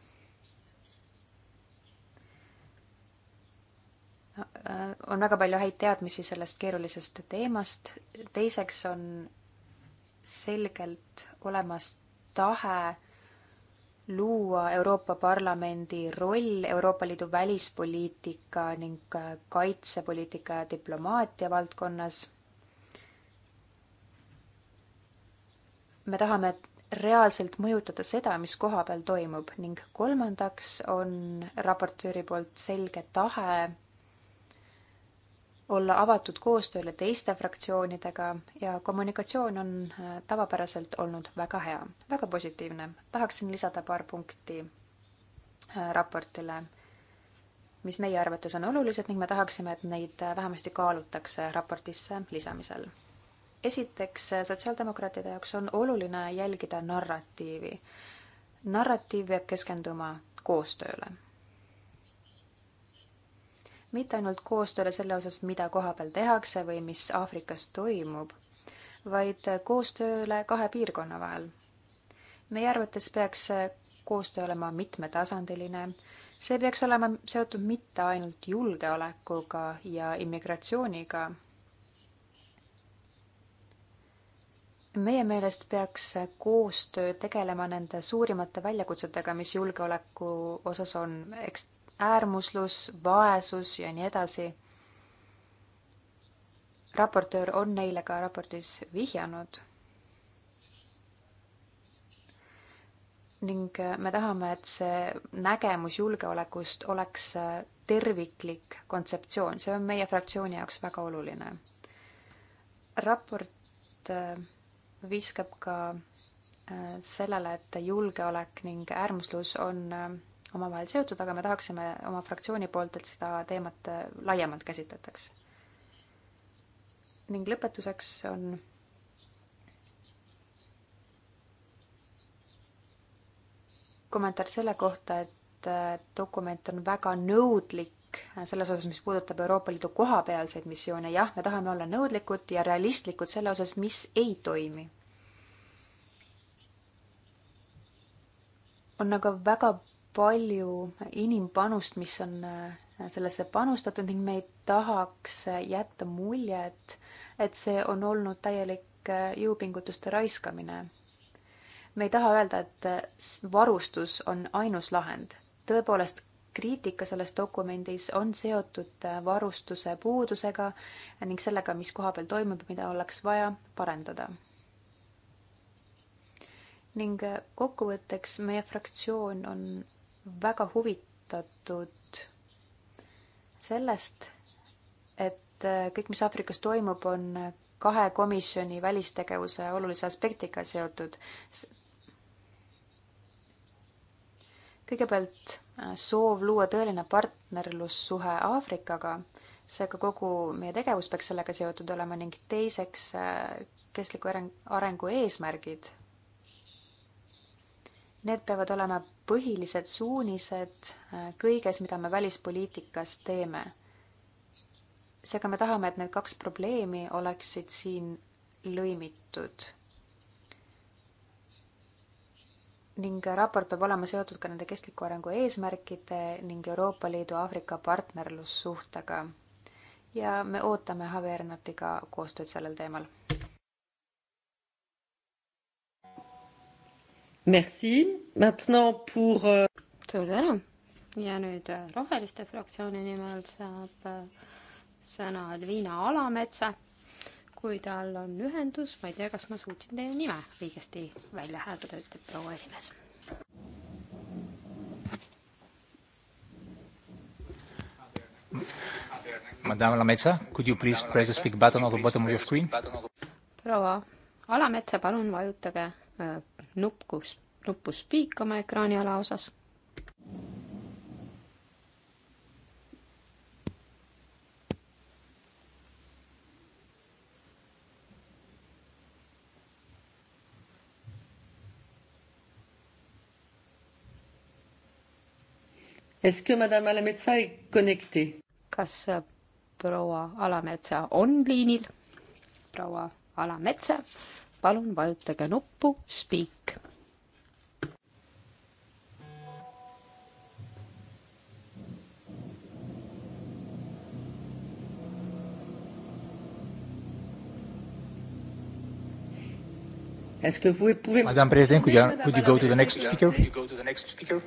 Äh, on väga palju häid teadmisi sellest keerulisest teemast, teiseks on selgelt olemas tahe luua Euroopa Parlamendi roll Euroopa Liidu välispoliitika ning kaitsepoliitika ja diplomaatia valdkonnas. me tahame reaalselt mõjutada seda, mis kohapeal toimub ning kolmandaks on raportööri poolt selge tahe olla avatud koostööle teiste fraktsioonidega ja kommunikatsioon on äh, tavapäraselt olnud väga hea, väga positiivne. tahaksin lisada paar punkti äh, raportile, mis meie arvates on olulised ning me tahaksime, et neid äh, vähemasti kaalutakse raportisse lisamisel. esiteks, sotsiaaldemokraatide jaoks on oluline jälgida narratiivi. narratiiv peab keskenduma koostööle mitte ainult koostööle selle osas, mida kohapeal tehakse või mis Aafrikas toimub, vaid koostööle kahe piirkonna vahel. meie arvates peaks koostöö olema mitmetasandiline, see peaks olema seotud mitte ainult julgeolekuga ja immigratsiooniga. meie meelest peaks koostöö tegelema nende suurimate väljakutsetega, mis julgeoleku osas on, eks äärmuslus, vaesus ja nii edasi. raportöör on neile ka raportis vihjanud. ning äh, me tahame, et see nägemus julgeolekust oleks äh, terviklik kontseptsioon, see on meie fraktsiooni jaoks väga oluline. raport äh, viskab ka sellele, et julgeolek ning äärmuslus on omavahel seotud, aga me tahaksime oma fraktsiooni poolt, et seda teemat äh, laiemalt käsitletaks. ning lõpetuseks on kommentaar selle kohta, et äh, dokument on väga nõudlik selles osas, mis puudutab Euroopa Liidu kohapealseid missioone, jah, me tahame olla nõudlikud ja realistlikud selle osas, mis ei toimi. on aga väga palju inimpanust, mis on äh, sellesse panustatud ning me ei tahaks äh, jätta muljet, et see on olnud täielik äh, jõupingutuste raiskamine. me ei taha öelda, et varustus on ainus lahend. tõepoolest, kriitika selles dokumendis on seotud varustuse puudusega ning sellega, mis kohapeal toimub, mida oleks vaja parendada. ning kokkuvõtteks meie fraktsioon on väga huvitatud sellest, et äh, kõik, mis Aafrikas toimub, on kahe komisjoni välistegevuse olulise aspektiga seotud. kõigepealt äh, soov luua tõeline partnerlussuhe Aafrikaga, seega kogu meie tegevus peaks sellega seotud olema ning teiseks äh, kestliku arengu eesmärgid. Need peavad olema põhilised suunised äh, kõiges, mida me välispoliitikas teeme. seega me tahame, et need kaks probleemi oleksid siin lõimitud. ning raport peab olema seotud ka nende kestliku arengu eesmärkide ning Euroopa Liidu Aafrika partnerlussuhtega. ja me ootame Javier Natiga koostööd sellel teemal Merci. Maintenant pour... Euh, suur tänu. ja nüüd äh, Roheliste fraktsiooni nimel saab äh, sõna Elvina Alametsa. kui tal on ühendus, ma ei tea, kas ma suutsin teie nime õigesti välja hääldada, ütleb proua esimees. Madame Alametsa, could you please press the speak button on the bottom of your screen? proua Alametsa, palun vajutage äh, nupp, kus, nuppu Speak oma ekraani alaosas. Est-ce que madame Alametsa est connectée? kas äh, proua Alametsa on liinil? proua Alametsa palun vajutage nuppu Speak. Est-ce que vous pouvez... Madame Présidente, could you, could you go to the next speaker?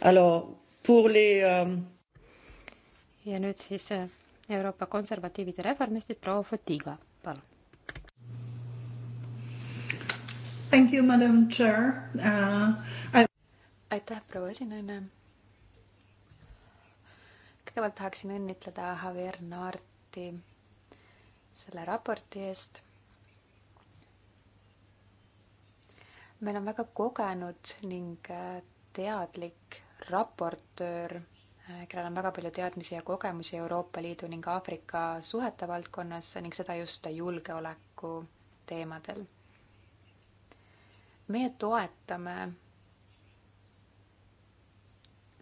Alors, pour les... Um... ja nüüd siis äh, Euroopa konservatiivide reformistid proua Fotiga, palun Thank you, madam chair uh,. I... aitäh, proua esinaine. kõigepealt tahaksin õnnitleda Javier Naarti selle raporti eest. meil on väga kogenud ning äh, teadlik raportöör, äh, kellel on väga palju teadmisi ja kogemusi Euroopa Liidu ning Aafrika suhete valdkonnas ning seda just julgeoleku teemadel meie toetame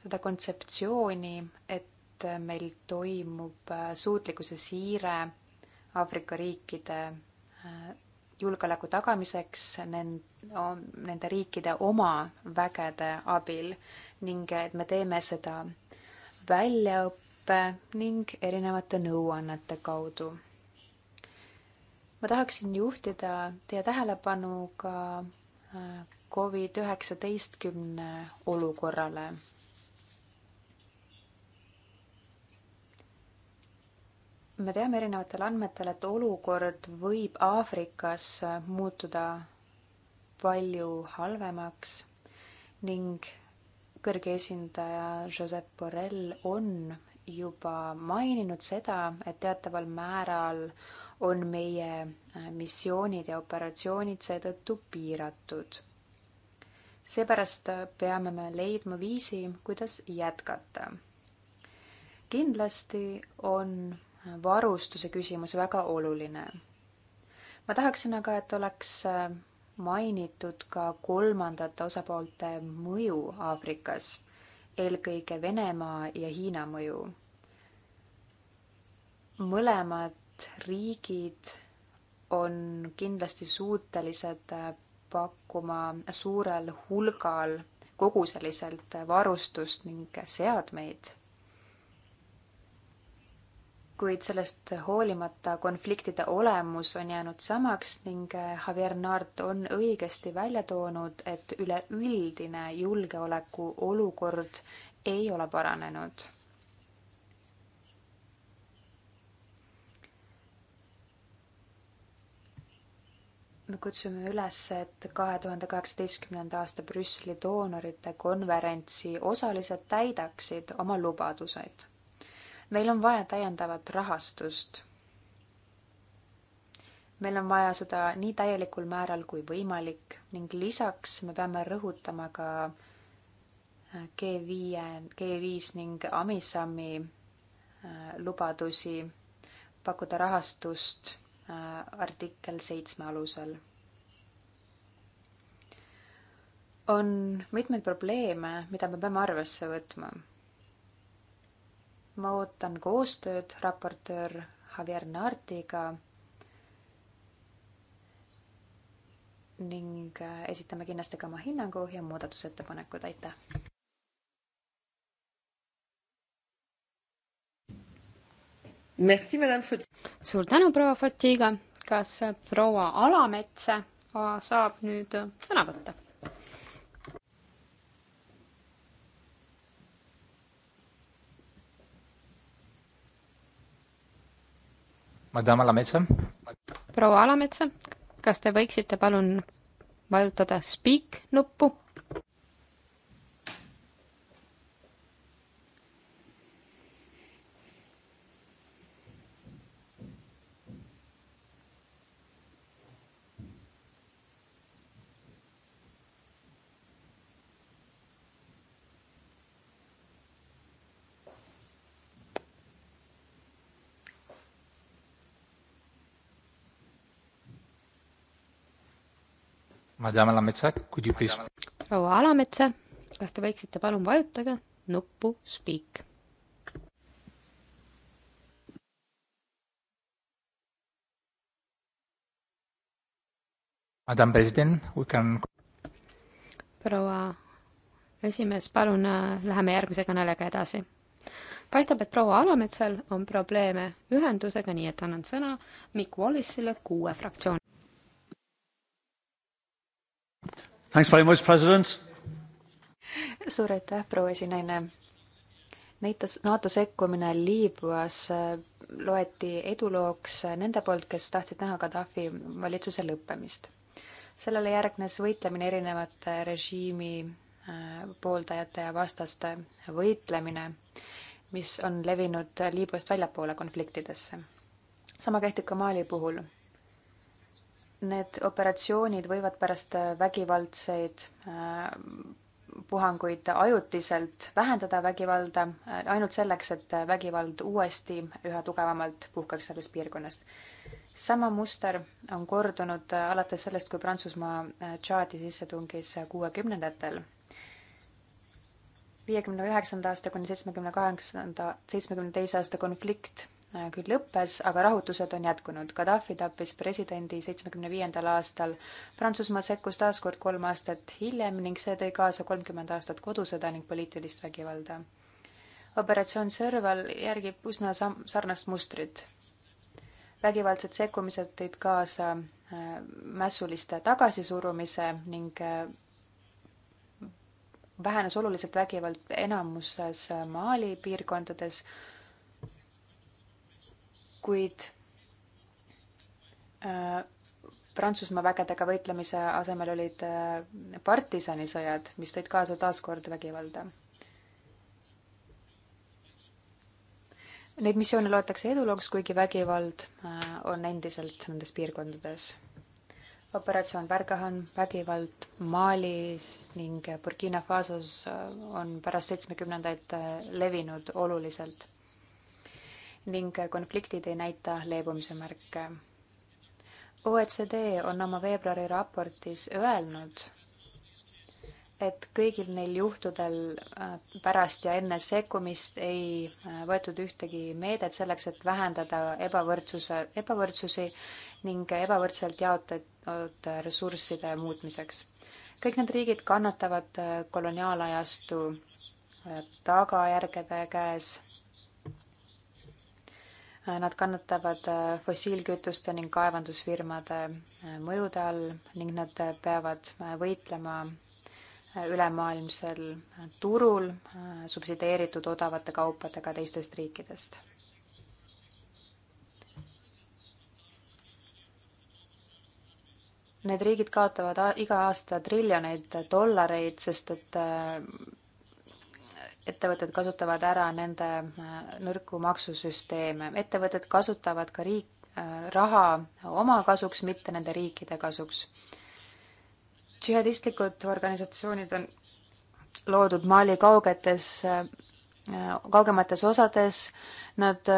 seda kontseptsiooni, et meil toimub äh, suutlikkuse siire Aafrika riikide äh, julgeoleku tagamiseks nende riikide oma vägede abil ning et me teeme seda väljaõppe ning erinevate nõuannete kaudu. ma tahaksin juhtida teie tähelepanu ka Covid-19 olukorrale. me teame erinevatel andmetel, et olukord võib Aafrikas muutuda palju halvemaks ning kõrge esindaja Josep Borrell on juba maininud seda, et teataval määral on meie äh, missioonid ja operatsioonid seetõttu piiratud. seepärast äh, peame me leidma viisi, kuidas jätkata. kindlasti on äh, varustuse küsimus väga oluline. ma tahaksin aga, et oleks mainitud ka kolmandate osapoolte mõju Aafrikas, eelkõige Venemaa ja Hiina mõju mõlemad riigid on kindlasti suutelised pakkuma suurel hulgal koguseliselt varustust ning seadmeid. kuid sellest hoolimata konfliktide olemus on jäänud samaks ning Javier Nart on õigesti välja toonud, et üleüldine julgeolekuolukord ei ole paranenud me kutsume üles, et kahe tuhande kaheksateistkümnenda aasta Brüsseli doonorite konverentsi osalised täidaksid oma lubaduseid. meil on vaja täiendavat rahastust. meil on vaja seda nii täielikul määral kui võimalik ning lisaks me peame rõhutama ka G5, G5 ning Amisami äh, lubadusi pakkuda rahastust Äh, artikkel seitsme alusel. on mitmeid probleeme, mida me peame arvesse võtma. ma ootan koostööd raportöör Javier Naartiga ning äh, esitame kindlasti ka oma hinnangu ja muudatusettepanekud, aitäh! suur tänu, proua Fotiga. kas proua Alamets saab nüüd sõna võtta? Madame Alametsa. proua Alametsa, kas te võiksite palun vajutada speak nuppu? Madame Alametsa, could you please? proua Alametsa, kas te võiksite palun vajutage nuppu Speak? Madam President, we can. proua esimees, palun äh, läheme järgmise kõnelega edasi. paistab, et proua Alametsal on probleeme ühendusega, nii et annan sõna Mikk Wallisele kuue fraktsiooni. suur aitäh, proua esinaine. NATO, NATO sekkumine Liibüas äh, loeti edulooks äh, nende poolt, kes tahtsid näha Gaddafi valitsuse lõppemist. sellele järgnes võitlemine erinevate režiimi äh, pooldajate ja vastaste võitlemine, mis on levinud Liibüast väljapoole konfliktidesse. sama kehtib ka Mali puhul Need operatsioonid võivad pärast vägivaldseid äh, puhanguid ajutiselt vähendada vägivalda äh, ainult selleks, et vägivald uuesti üha tugevamalt puhkeks selles piirkonnas. sama muster on kordunud äh, alates sellest, kui Prantsusmaa Tšaadi sisse tungis kuuekümnendatel. viiekümne üheksanda aasta kuni seitsmekümne kaheksanda, seitsmekümne teise aasta konflikt Äh, küll lõppes, aga rahutused on jätkunud. Gaddafi tappis presidendi seitsmekümne viiendal aastal. Prantsusmaa sekkus taas kord kolm aastat hiljem ning see tõi kaasa kolmkümmend aastat kodusõda ning poliitilist vägivalda. operatsioon Sõrval järgib üsna sam-, sarnast mustrit. vägivaldsed sekkumised tõid kaasa äh, mässuliste tagasisurumise ning äh, vähenes oluliselt vägivald enamuses Mali piirkondades kuid äh, Prantsusmaa vägedega võitlemise asemel olid äh, partisanisõjad, mis tõid kaasa taaskord vägivalda. Neid missioone loetakse edulooks, kuigi vägivald äh, on endiselt nendes piirkondades. operatsioon Värgahan, vägivald Malis ning Burkina Fasos on pärast seitsmekümnendaid levinud oluliselt ning konfliktid ei näita leebumise märke. OECD on oma veebruari raportis öelnud, et kõigil neil juhtudel äh, pärast ja enne sekkumist ei äh, võetud ühtegi meedet selleks, et vähendada ebavõrdsuse, ebavõrdsusi ning ebavõrdselt jaotatud ressursside muutmiseks. kõik need riigid kannatavad äh, koloniaalajastu tagajärgede käes Nad kannatavad äh, fossiilkütuste ning kaevandusfirmade äh, mõjude all ning nad äh, peavad võitlema ülemaailmsel turul subsideeritud odavate kaupadega teistest riikidest. Need riigid kaotavad iga aasta triljoneid dollareid, sest et ettevõtted kasutavad ära nende äh, nõrku maksusüsteeme, ettevõtted kasutavad ka riik, äh, raha oma kasuks, mitte nende riikide kasuks. džihadistlikud organisatsioonid on loodud Mali kaugetes, äh, kaugemates osades, nad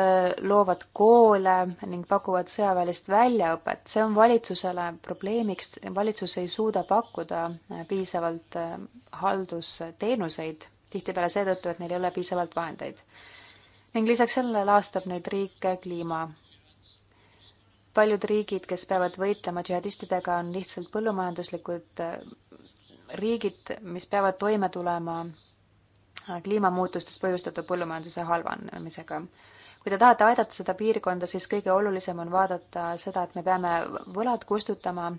loovad koole ning pakuvad sõjaväelist väljaõpet, see on valitsusele probleemiks, valitsus ei suuda pakkuda piisavalt haldusteenuseid tihtipeale seetõttu, et neil ei ole piisavalt vahendeid. ning lisaks sellele laastab neid riike kliima. paljud riigid, kes peavad võitlema džihadistidega, on lihtsalt põllumajanduslikud äh, riigid, mis peavad toime tulema äh, kliimamuutustest põhjustatud põllumajanduse halvanemisega. kui te tahate aidata seda piirkonda, siis kõige olulisem on vaadata seda, et me peame võlad kustutama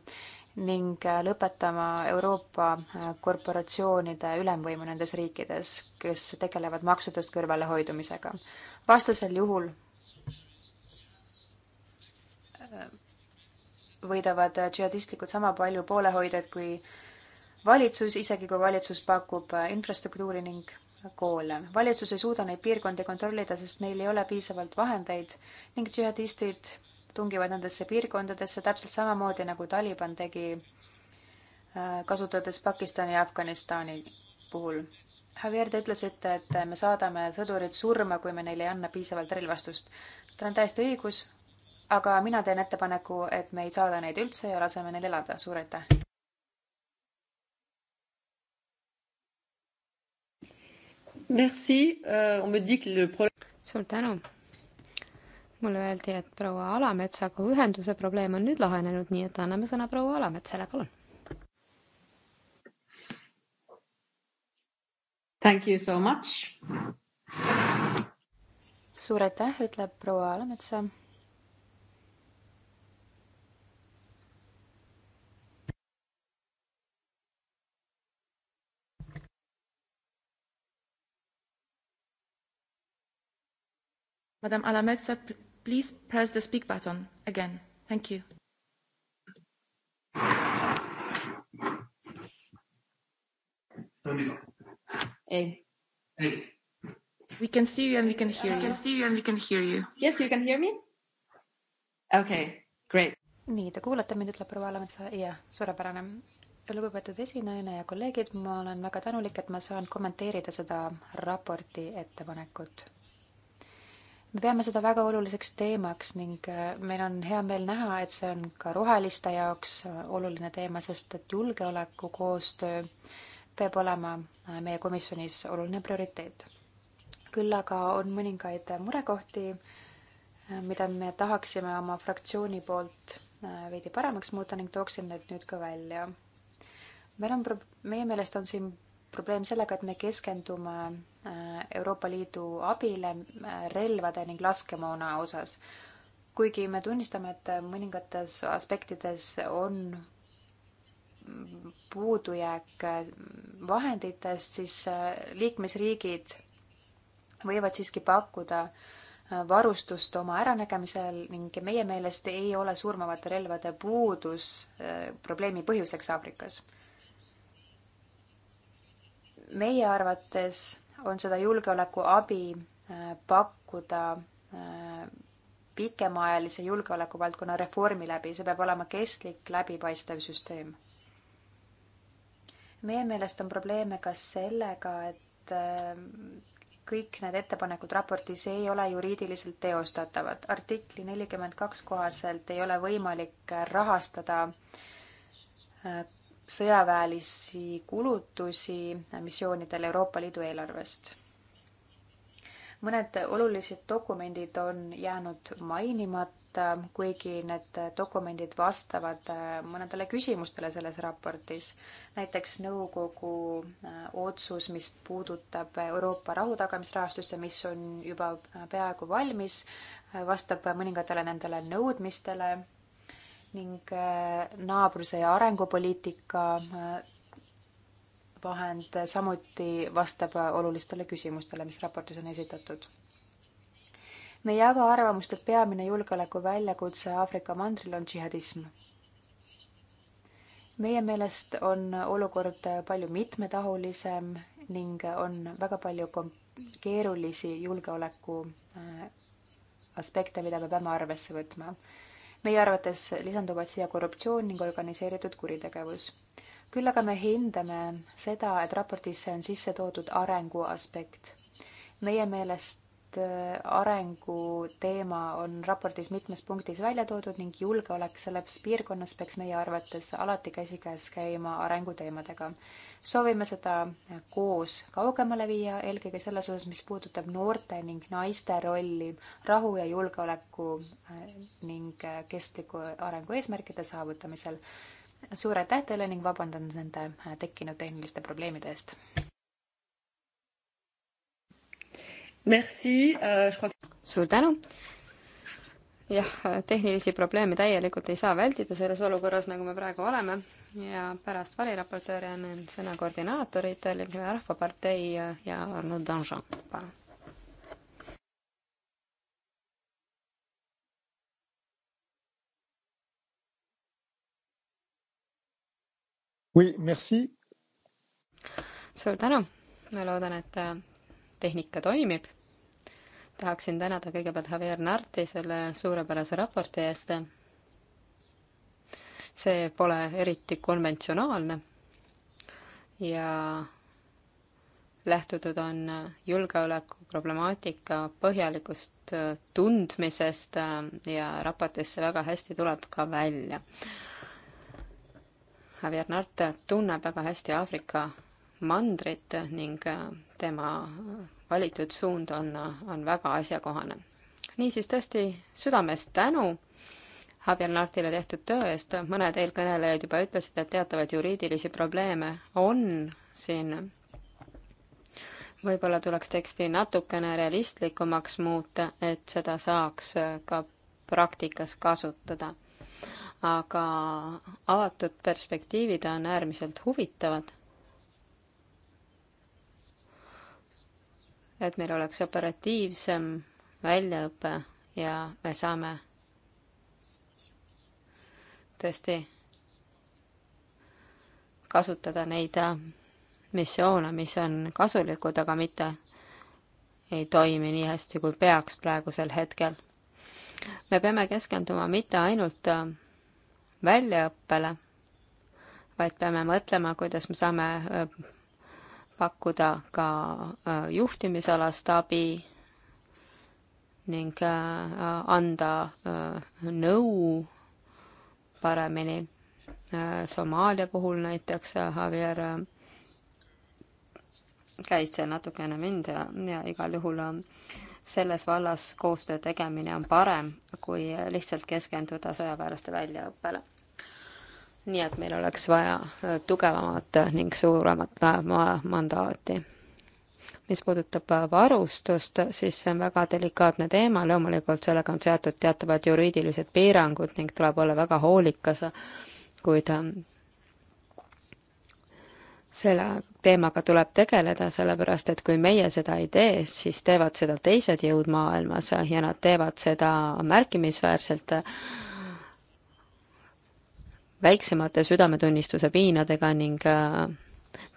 ning äh, lõpetama Euroopa äh, korporatsioonide ülemvõimu nendes riikides, kes tegelevad maksudest kõrvalehoidumisega. vastasel juhul äh, võidavad džihadistlikud sama palju poolehoidjaid kui valitsus, isegi kui valitsus pakub infrastruktuuri ning koole. valitsus ei suuda neid piirkondi kontrollida, sest neil ei ole piisavalt vahendeid ning džihadistid tungivad nendesse piirkondadesse täpselt samamoodi, nagu Taliban tegi, äh, kasutades Pakistani ja Afganistani puhul. Javier, te ütlesite, et me saadame sõdurid surma, kui me neile ei anna piisavalt relvastust. Teil on täiesti õigus, aga mina teen ettepaneku, et me ei saada neid üldse ja laseme neil elada. suur aitäh! Merci, euh, on me dit que le problème... suur tänu! mulle öeldi, et proua Alametsaga ühenduse probleem on nüüd lahenenud, nii et anname sõna proua Alametsale, palun. Thank you so much. suur aitäh, ütleb proua Alametsa. Madame Alametsa, Please press the speak button again. Thank you. Hey. Hey. We can see you and we can hear you. We can see you and we can hear you. Yes, you can hear me? Okay, great. nii, te kuulate mind, ütleb proua Alametsa, jah, suurepärane. lugupeetud esinaine ja kolleegid, ma olen väga tänulik, et ma saan kommenteerida seda raporti ettepanekut me peame seda väga oluliseks teemaks ning äh, meil on hea meel näha, et see on ka roheliste jaoks äh, oluline teema, sest et julgeolekukoostöö peab olema äh, meie komisjonis oluline prioriteet. küll aga on mõningaid murekohti, mida me tahaksime oma fraktsiooni poolt veidi paremaks muuta ning tooksin need nüüd ka välja. meil on, meie meelest on siin probleem sellega, et me keskendume Euroopa Liidu abile äh, relvade ning laskemoona osas. kuigi me tunnistame, et mõningates aspektides on puudujääk äh, vahenditest, siis äh, liikmesriigid võivad siiski pakkuda varustust oma äranägemisel ning meie meelest ei ole surmavate relvade puudus probleemi põhjuseks Aafrikas. meie arvates on seda julgeolekuabi äh, pakkuda äh, pikemaajalise julgeolekuvaldkonna reformi läbi, see peab olema kestlik, läbipaistev süsteem. meie meelest on probleeme ka sellega, et äh, kõik need ettepanekud raportis ei ole juriidiliselt teostatavad. artikli nelikümmend kaks kohaselt ei ole võimalik rahastada sõjaväelisi kulutusi missioonidel Euroopa Liidu eelarvest. mõned olulised dokumendid on jäänud mainimata, kuigi need dokumendid vastavad äh, mõnedele küsimustele selles raportis. näiteks nõukogu äh, otsus, mis puudutab Euroopa rahutagamisrahastust ja mis on juba äh, peaaegu valmis, vastab mõningatele nendele nõudmistele ning äh, naabruse ja arengupoliitika äh, vahend samuti vastab äh, olulistele küsimustele, mis raportis on esitatud. me ei jaga arvamust, et peamine julgeoleku väljakutse Aafrika mandril on džihadism. meie meelest on olukord palju mitmetahulisem ning on väga palju keerulisi julgeoleku aspekte, mida me peame arvesse võtma meie arvates lisanduvad siia korruptsioon ning organiseeritud kuritegevus. küll aga me hindame seda, et raportisse on sisse toodud arengu aspekt. meie meelest Äh, arenguteema on raportis mitmes punktis välja toodud ning julgeolek selles piirkonnas peaks meie arvates alati käsikäes käima arenguteemadega. soovime seda koos kaugemale viia, eelkõige selles osas, mis puudutab noorte ning naiste rolli rahu ja julgeoleku äh, ning äh, kestliku arengu eesmärkide saavutamisel. suur aitäh teile ning vabandan nende tekkinud tehniliste probleemide eest! Euh, suur tänu! jah, tehnilisi probleeme täielikult ei saa vältida selles olukorras, nagu me praegu oleme ja pärast variraportööri annan sõna koordinaatoritele, Rahvapartei ja Arno Danjon, palun. Oui, merci. suur tänu, ma loodan, et tehnika toimib tahaksin tänada kõigepealt Javier Narti selle suurepärase raporti eest. see pole eriti konventsionaalne ja lähtutud on julgeoleku problemaatika põhjalikust tundmisest ja raportis see väga hästi tuleb ka välja. Javier Nart tunneb väga hästi Aafrika mandrit ning tema valitud suund on, on väga asjakohane. niisiis tõesti südamest tänu Javier Nartile tehtud töö eest, mõned eelkõnelejad juba ütlesid, et teatavaid juriidilisi probleeme on siin. võib-olla tuleks teksti natukene realistlikumaks muuta, et seda saaks ka praktikas kasutada. aga avatud perspektiivid on äärmiselt huvitavad et meil oleks operatiivsem väljaõpe ja me saame tõesti kasutada neid missioone, mis on kasulikud, aga mitte ei toimi nii hästi, kui peaks praegusel hetkel. me peame keskenduma mitte ainult väljaõppele, vaid peame mõtlema, kuidas me saame pakkuda ka äh, juhtimisalast abi ning äh, anda äh, nõu paremini. Somaalia puhul näiteks Javier käis see natukene mind ja, ja igal juhul selles vallas koostöö tegemine on parem, kui lihtsalt keskenduda sõjaväelaste väljaõppele nii et meil oleks vaja äh, tugevamat ning suuremat äh, mandaati. mis puudutab äh, varustust, siis see on väga delikaatne teema, loomulikult sellega on seatud teatavad juriidilised piirangud ning tuleb olla väga hoolikas, kuid ähm, selle teemaga tuleb tegeleda, sellepärast et kui meie seda ei tee, siis teevad seda teised jõud maailmas ja nad teevad seda märkimisväärselt väiksemate südametunnistuse piinadega ning äh,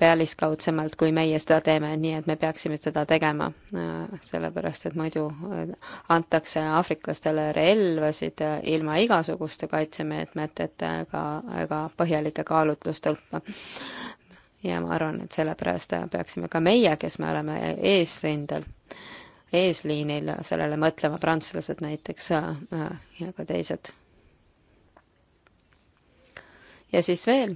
pealiskaudsemalt, kui meie seda teeme, nii et me peaksime seda tegema. Äh, sellepärast, et muidu äh, antakse aafriklastele relvasid ilma igasuguste kaitsemeetmeteta ega, ega põhjalike kaalutlusteta. ja ma arvan, et sellepärast peaksime ka meie, kes me oleme eesrindel, eesliinil, sellele mõtlema, prantslased näiteks ja ka teised ja siis veel,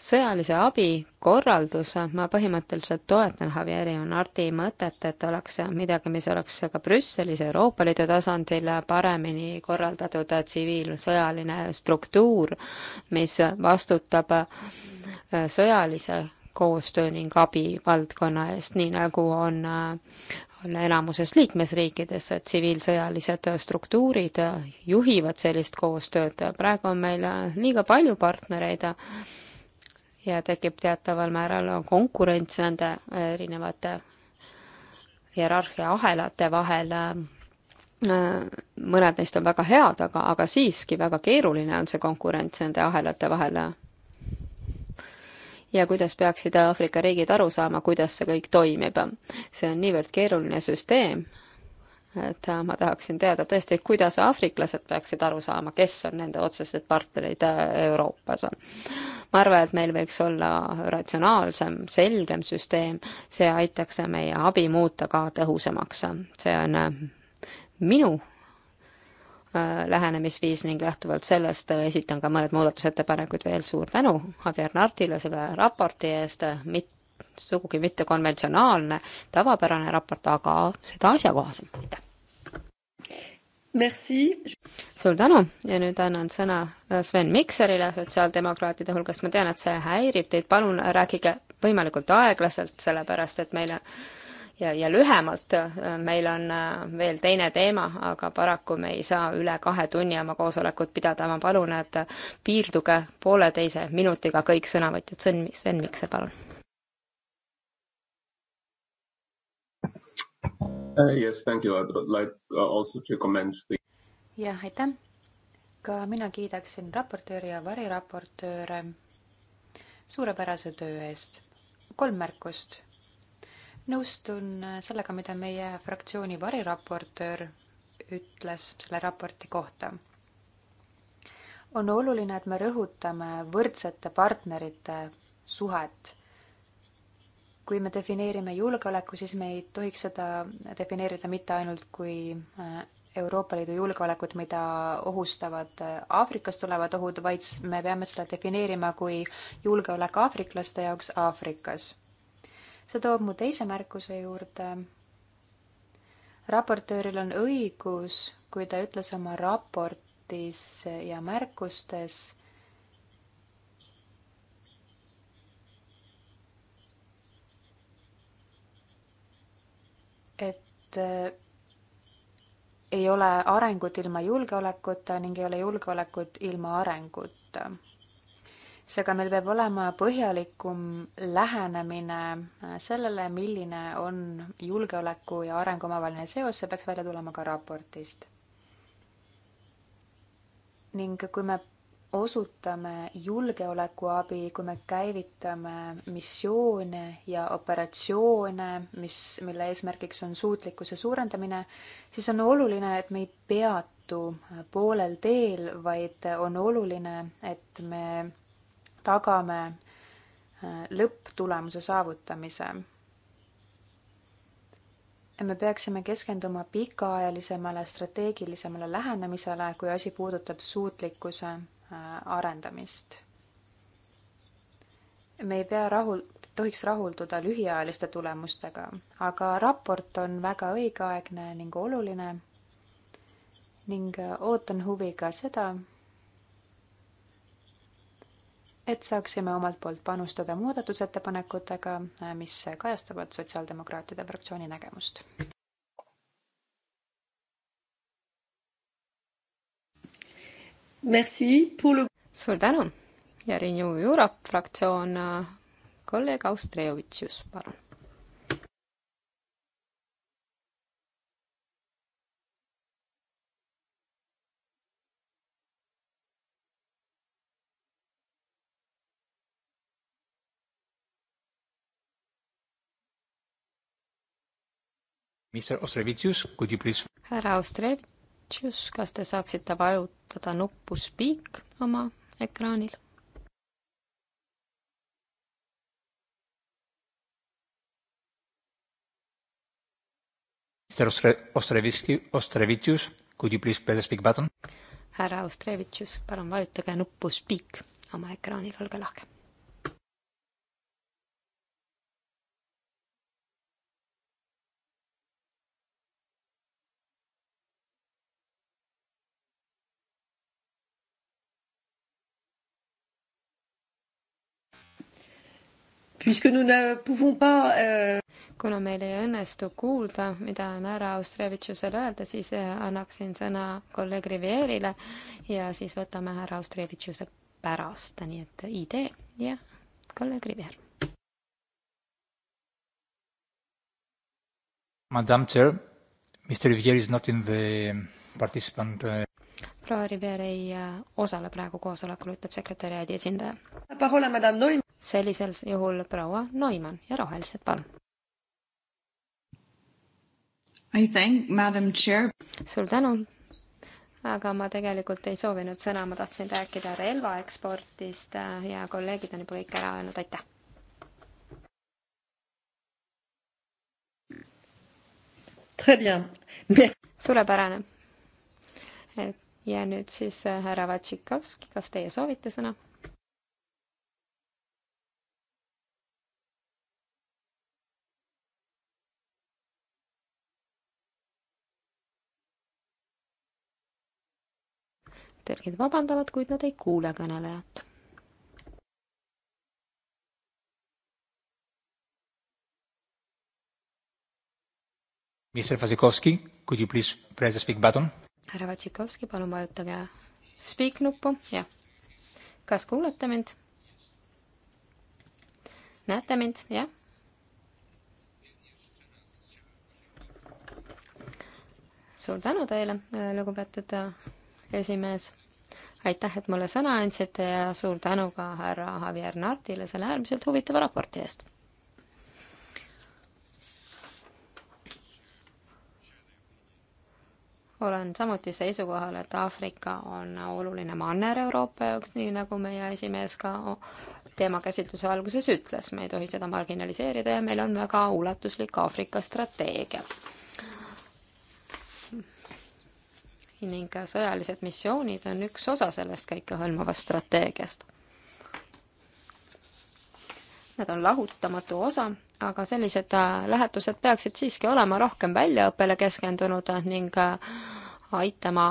sõjalise abi korraldus, ma põhimõtteliselt toetan Javieri Onardi mõtet, et oleks midagi, mis oleks ka Brüsselis, Euroopa Liidu tasandil paremini korraldatud tsiviilsõjaline struktuur, mis vastutab äh, sõjalise koostöö ning abi valdkonna eest, nii nagu on äh, on enamuses liikmesriikides, et tsiviilsõjalised struktuurid juhivad sellist koostööd, praegu on meil liiga palju partnereid ja tekib teataval määral konkurents nende erinevate hierarhia ahelate vahel. mõned neist on väga head, aga, aga siiski väga keeruline on see konkurents nende ahelate vahel ja kuidas peaksid Aafrika riigid aru saama, kuidas see kõik toimib. see on niivõrd keeruline süsteem, et ma tahaksin teada tõesti, kuidas aafriklased peaksid aru saama, kes on nende otsesed partnerid äh, Euroopas. ma arvan, et meil võiks olla ratsionaalsem, selgem süsteem, see aitaks meie abi muuta ka tõhusamaks. see on äh, minu Äh, lähenemisviis ning lähtuvalt sellest äh, esitan ka mõned muudatusettepanekud veel. suur tänu Javier Nardile selle raporti eest, mit-, sugugi mitte konventsionaalne, tavapärane raport, aga seda asjakohasem, aitäh! Merci. suur tänu ja nüüd annan sõna äh, Sven Mikserile sotsiaaldemokraatide hulgast. ma tean, et see häirib teid, palun rääkige võimalikult aeglaselt, sellepärast et meile ja, ja lühemalt. Äh, meil on äh, veel teine teema, aga paraku me ei saa üle kahe tunni oma koosolekut pidada. ma palun, et äh, piirduge pooleteise minutiga kõik sõnavõtjad. Sven, Sven Mikse, palun. Uh, yes, thank you. I would like uh, also to commend the. jah, aitäh. ka mina kiidaksin raportööri ja variraportööre suurepärase töö eest. kolm märkust nõustun äh, sellega, mida meie fraktsiooni variraportöör ütles selle raporti kohta. on oluline, et me rõhutame võrdsete partnerite suhet. kui me defineerime julgeoleku, siis me ei tohiks seda defineerida mitte ainult kui äh, Euroopa Liidu julgeolekut, mida ohustavad äh, Aafrikast tulevad ohud, vaid me peame seda defineerima kui julgeolek aafriklaste jaoks Aafrikas see toob mu teise märkuse juurde. raportööril on õigus, kui ta ütles oma raportis ja märkustes, et äh, ei ole arengut ilma julgeolekuta ning ei ole julgeolekut ilma arenguta seega meil peab olema põhjalikum lähenemine sellele, milline on julgeoleku ja arengu omavaheline seos, see peaks välja tulema ka raportist. ning kui me osutame julgeolekuabi, kui me käivitame missioone ja operatsioone, mis, mille eesmärgiks on suutlikkuse suurendamine, siis on oluline, et me ei peatu poolel teel, vaid on oluline, et me tagame äh, lõpptulemuse saavutamise. me peaksime keskenduma pikaajalisemale strateegilisemale lähenemisele, kui asi puudutab suutlikkuse äh, arendamist. me ei pea rahul, tohiks rahulduda lühiajaliste tulemustega, aga raport on väga õigeaegne ning oluline ning äh, ootan huviga seda, et saaksime omalt poolt panustada muudatusettepanekutega, mis kajastavad Sotsiaaldemokraatide fraktsiooni nägemust. Le... suur tänu ja Renew Europe fraktsioon, kolleeg Austrevitšus, palun. Mr Ostrevitšius, could you please? härra Ostrevitšius, kas te saaksite vajutada nuppu Speak oma ekraanil? Mr Ostrevitšius, Ostrevitšius, could you please press the speak button? härra Ostrevitšius, palun vajutage nuppu Speak oma ekraanil, olge lahke puisque nous ne pouvons pas euh... kuna meil ei õnnestu kuulda, mida on härra Austrevitšusel öelda, siis äh, annaksin sõna kolleeg Rivierile ja siis võtame härra Austrevitšuse pärast, nii et idee ja kolleeg Rivier. Madam Chair, Mr Rivier is not in the participant uh proua Rivier ei äh, osale praegu koosolekul, ütleb sekretäriaadi esindaja sellisel juhul proua Neumann ja rohelised, palun. I thank madam chair. suur tänu. aga ma tegelikult ei soovinud sõna, ma tahtsin rääkida relvaekspordist äh, ja kolleegid on juba kõik ära öelnud, aitäh. suurepärane. ja nüüd siis äh, härra Vatšikovski, kas teie soovite sõna? tõlgid vabandavad, kuid nad ei kuule kõnelejat. Mr Vasikovski, could you please press the speak button? härra Vatšikovski, palun vajutage speak nuppu, jah. kas kuulete mind? näete mind, jah? suur tänu teile, lugupeetud esimees. aitäh, et mulle sõna andsite ja suur tänu ka härra Javier Nardile selle äärmiselt huvitava raporti eest. olen samuti seisukohal, et Aafrika on oluline manner Euroopa jaoks, nii nagu meie esimees ka teema käsitluse alguses ütles, me ei tohi seda marginaliseerida ja meil on väga ulatuslik Aafrika strateegia ning sõjalised missioonid on üks osa sellest kõikehõlmavast strateegiast. Nad on lahutamatu osa, aga sellised äh, lähetused peaksid siiski olema rohkem väljaõppele keskendunud ning äh, aitama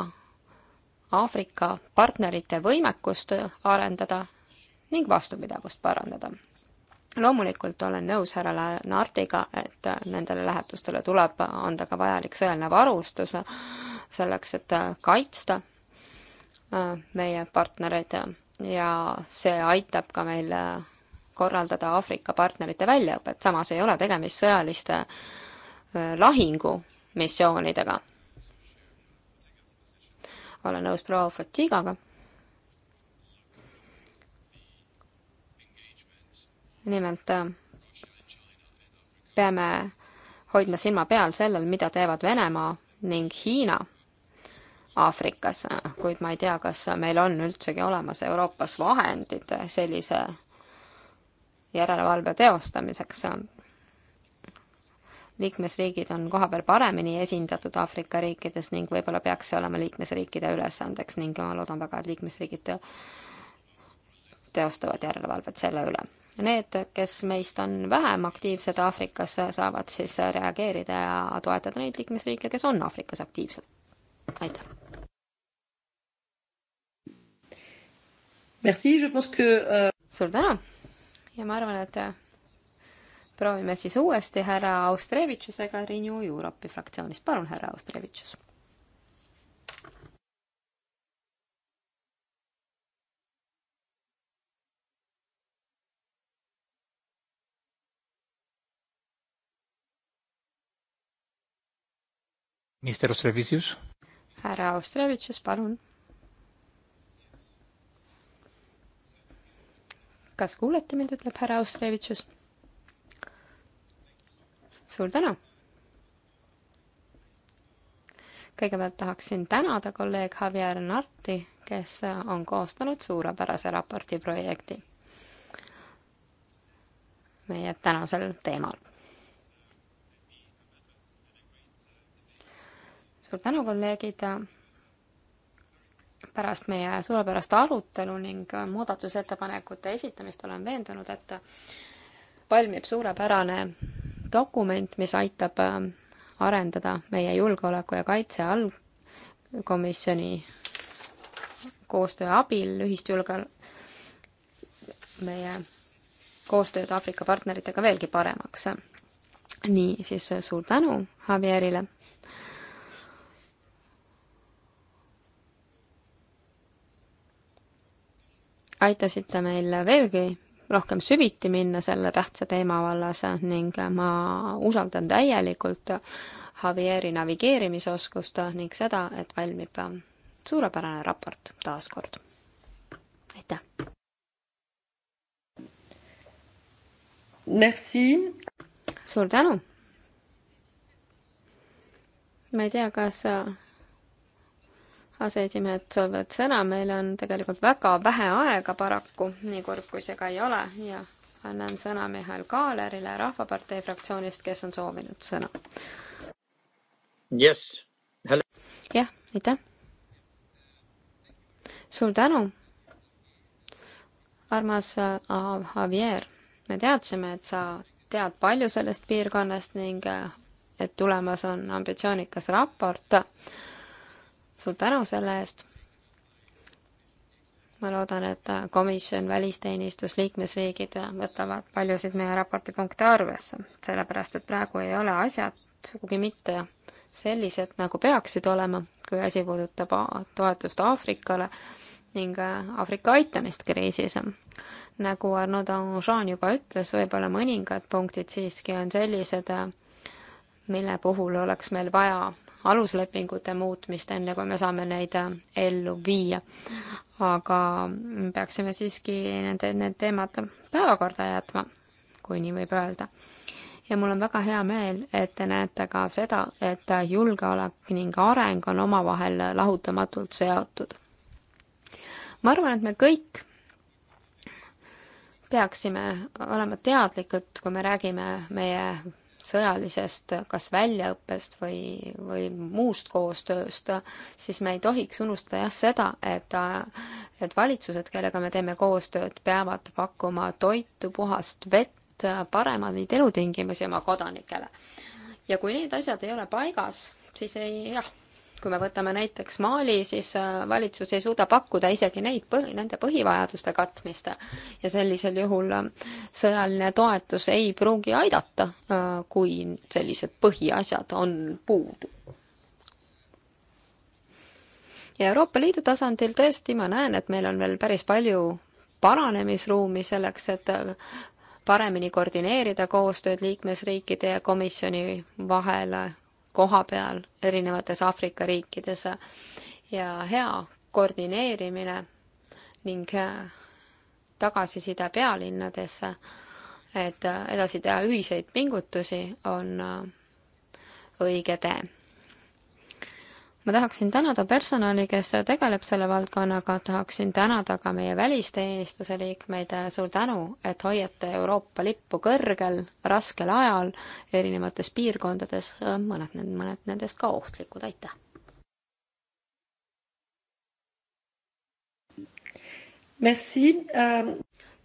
Aafrika partnerite võimekust arendada ning vastupidavust parandada. loomulikult olen nõus härra Nardiga, et nendele lähetustele tuleb anda ka vajalik sõjaline varustus selleks, et äh, kaitsta äh, meie partnereid ja see aitab ka meil äh, korraldada Aafrika partnerite väljaõpet, samas ei ole tegemist sõjaliste lahingumissioonidega. olen nõus proua Fatigaga. nimelt peame hoidma silma peal sellel, mida teevad Venemaa ning Hiina Aafrikas, kuid ma ei tea, kas meil on üldsegi olemas Euroopas vahendid sellise järelevalve teostamiseks. liikmesriigid on kohapeal paremini esindatud Aafrika riikides ning võib-olla peaks see olema liikmesriikide ülesandeks ning ma loodan väga, et liikmesriigid teostavad järelevalvet selle üle. Need, kes meist on vähem aktiivsed Aafrikas, saavad siis reageerida ja toetada neid liikmesriike, kes on Aafrikas aktiivsed. aitäh! Merci, je pense que uh.... suur tänu ja ma arvan, et äh, proovime siis uuesti härra Austrevitšusega Renew Europe'i fraktsioonist. palun, härra Austrevitšus Mr. Austrevicius. härra Austrevicius, palun kas kuulete mind, ütleb härra Austrevitšus. suur tänu! kõigepealt tahaksin tänada kolleeg Javier Narti, kes on koostanud suurepärase raporti projekti meie tänasel teemal. suur tänu, kolleegid pärast meie suurepärast arutelu ning äh, muudatusettepanekute esitamist olen veendunud, et valmib suurepärane dokument, mis aitab äh, arendada meie julgeoleku ja kaitse allkomisjoni koostöö abil ühist julge-, meie koostööd Aafrika partneritega veelgi paremaks. niisiis äh, suur tänu Javierile aitasite meil veelgi rohkem süviti minna selle tähtsa teema vallas ning ma usaldan täielikult Javieri navigeerimisoskust ning seda, et valmib suurepärane raport taaskord. aitäh! Merci! suur tänu! ma ei tea, kas aseesimehed soovivad sõna, meil on tegelikult väga vähe aega paraku, nii kurb kui see ka ei ole ja annan sõna Mihhail Kaalerile Rahvapartei fraktsioonist, kes on soovinud sõna. Yes, hello. jah, aitäh. suur tänu. armas äh, Javier, me teadsime, et sa tead palju sellest piirkonnast ning äh, et tulemas on ambitsioonikas raport suur tänu selle eest. ma loodan, et komisjon, välisteenistus, liikmesriigid võtavad paljusid meie raporti punkte arvesse, sellepärast et praegu ei ole asjad sugugi mitte sellised, nagu peaksid olema, kui asi puudutab toetust Aafrikale ning Aafrika aitamist kriisis. nagu Arno Danjean juba ütles, võib-olla mõningad punktid siiski on sellised, mille puhul oleks meil vaja aluslepingute muutmist, enne kui me saame neid äh, ellu viia. aga peaksime siiski nende, need teemad päevakorda jätma, kui nii võib öelda. ja mul on väga hea meel, et te näete ka seda, et julgeolek ning areng on omavahel lahutamatult seotud. ma arvan, et me kõik peaksime olema teadlikud, kui me räägime meie sõjalisest kas väljaõppest või, või muust koostööst, siis me ei tohiks unustada jah seda, et, et valitsused, kellega me teeme koostööd, peavad pakkuma toitu, puhast vett, paremaid elutingimusi oma kodanikele. ja kui need asjad ei ole paigas, siis ei, jah kui me võtame näiteks Mali, siis äh, valitsus ei suuda pakkuda isegi neid põhi, nende põhivajaduste katmist ja sellisel juhul äh, sõjaline toetus ei pruugi aidata, äh, kui sellised põhiasjad on puudu. ja Euroopa Liidu tasandil tõesti ma näen, et meil on veel päris palju paranemisruumi selleks, et paremini koordineerida koostööd liikmesriikide ja komisjoni vahel koha peal erinevates Aafrika riikides ja hea koordineerimine ning äh, tagasiside pealinnadesse, et äh, edasi teha ühiseid pingutusi, on äh, õige tee ma tahaksin tänada personali, kes tegeleb selle valdkonnaga, tahaksin tänada ka meie välisteenistuse liikmeid, suur tänu, et hoiate Euroopa lippu kõrgel raskel ajal erinevates piirkondades, mõned, mõned nendest ka ohtlikud, aitäh! Merci um...!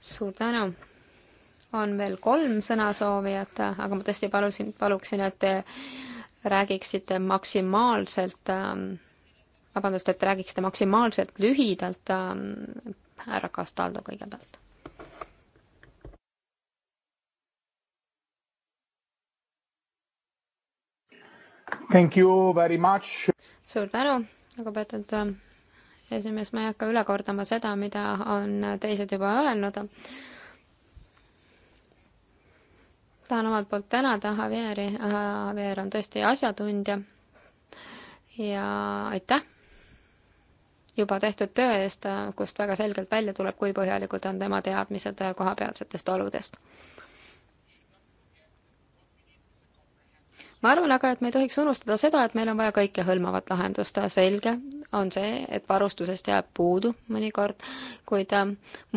suur tänu! on veel kolm sõnasoovijat, aga ma tõesti palusin, paluksin, et räägiksite maksimaalselt, ähm, vabandust, et räägiksite maksimaalselt lühidalt ähm, härra Castaldo kõigepealt. Thank you very much. suur tänu, lugupeetud ähm, esimees, ma ei hakka üle kordama seda, mida on teised juba öelnud tahan omalt poolt tänada Javieri, Javier on tõesti asjatundja ja aitäh juba tehtud töö eest, kust väga selgelt välja tuleb, kui põhjalikud on tema teadmised kohapealsetest oludest. ma arvan aga, et me ei tohiks unustada seda, et meil on vaja kõikehõlmavat lahendust, selge on see, et varustusest jääb puudu mõnikord, kuid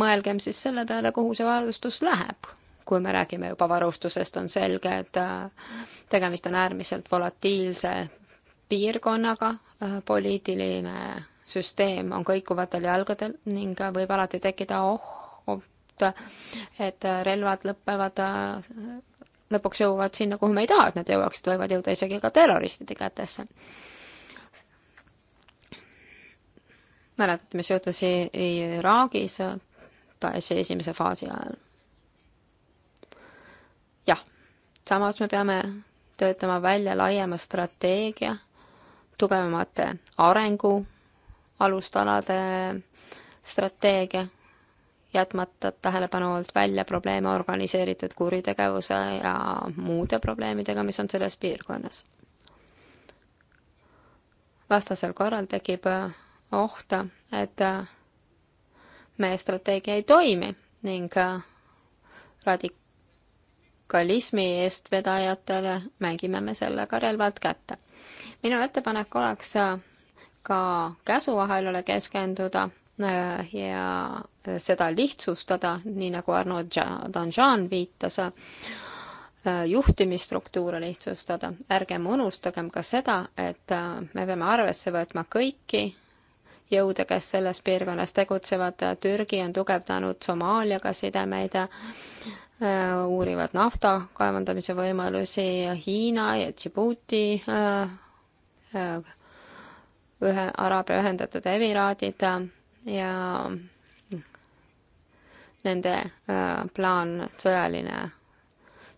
mõelgem siis selle peale, kuhu see varustus läheb kui me räägime juba varustusest, on selge, et äh, tegemist on äärmiselt volatiilse piirkonnaga, äh, poliitiline süsteem on kõikuvatel jalgadel ning äh, võib alati tekkida oht, et relvad lõpevad, lõpuks jõuavad sinna, kuhu me ei taha, et nad jõuaksid, võivad jõuda isegi ka terroristide kätesse. mäletad, mis juhtus Iraagis Daeshi esimese faasi ajal? jah, samas me peame töötama välja laiema strateegia tugevamate arengu alustalade strateegia, jätmata tähelepanu alt välja probleeme organiseeritud kuritegevuse ja muude probleemidega, mis on selles piirkonnas. vastasel korral tekib oht, et meie strateegia ei toimi ning radik-, radikalismi eestvedajatele mängime me sellega relvalt kätte. minu ettepanek oleks ka käsuahelale keskenduda äh, ja seda lihtsustada, nii nagu Arno Danjan viitas, äh, juhtimisstruktuure lihtsustada. ärgem unustagem ka seda, et äh, me peame arvesse võtma kõiki jõude, kes selles piirkonnas tegutsevad. Türgi on tugevdanud Somaaliaga sidemeid, äh, uurivad nafta kaevandamise võimalusi Hiina ja Djibouti äh, äh, ühe Araabia Ühendatud Emiraadid ja nende plaan sõjaline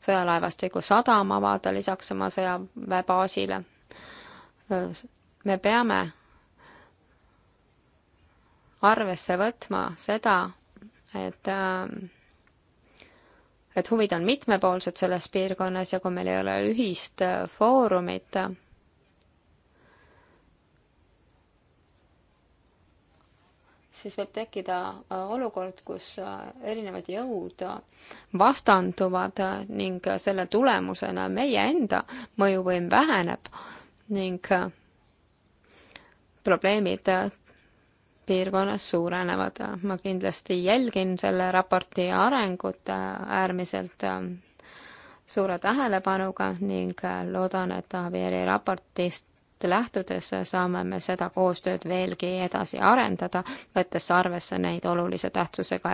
sõjalaevastiku sadam avada lisaks oma sõjaväebaasile. me peame arvesse võtma seda, et ähm, et huvid on mitmepoolsed selles piirkonnas ja kui meil ei ole ühist äh, foorumit, siis võib tekkida äh, olukord, kus äh, erinevad jõud vastanduvad ning selle tulemusena meie enda mõjuvõim väheneb ning probleemid piirkonnas suurenevad. ma kindlasti jälgin selle raporti arengut äärmiselt ähm, suure tähelepanuga ning äh, loodan, et Javieri raportist lähtudes saame me seda koostööd veelgi edasi arendada, võttes arvesse neid olulise tähtsusega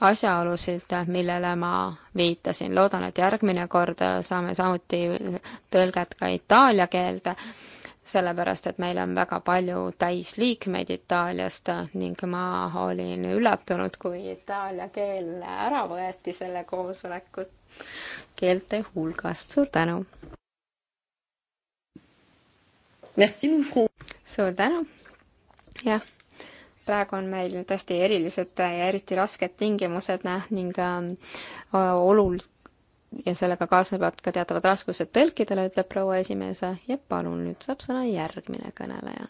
asjaolusid, millele ma viitasin. loodan, et järgmine kord saame samuti tõlget ka itaalia keelde sellepärast et meil on väga palju täisliikmeid Itaaliast ning ma olin üllatunud, kui itaalia keel ära võeti selle koosoleku keelte hulgast. suur tänu! suur tänu! jah praegu on meil tõesti erilised ja eriti rasked tingimused ning äh, olul-, ja sellega kaasnevad ka teatavad raskused tõlkidele, ütleb proua esimees ja palun, nüüd saab sõna järgmine kõneleja.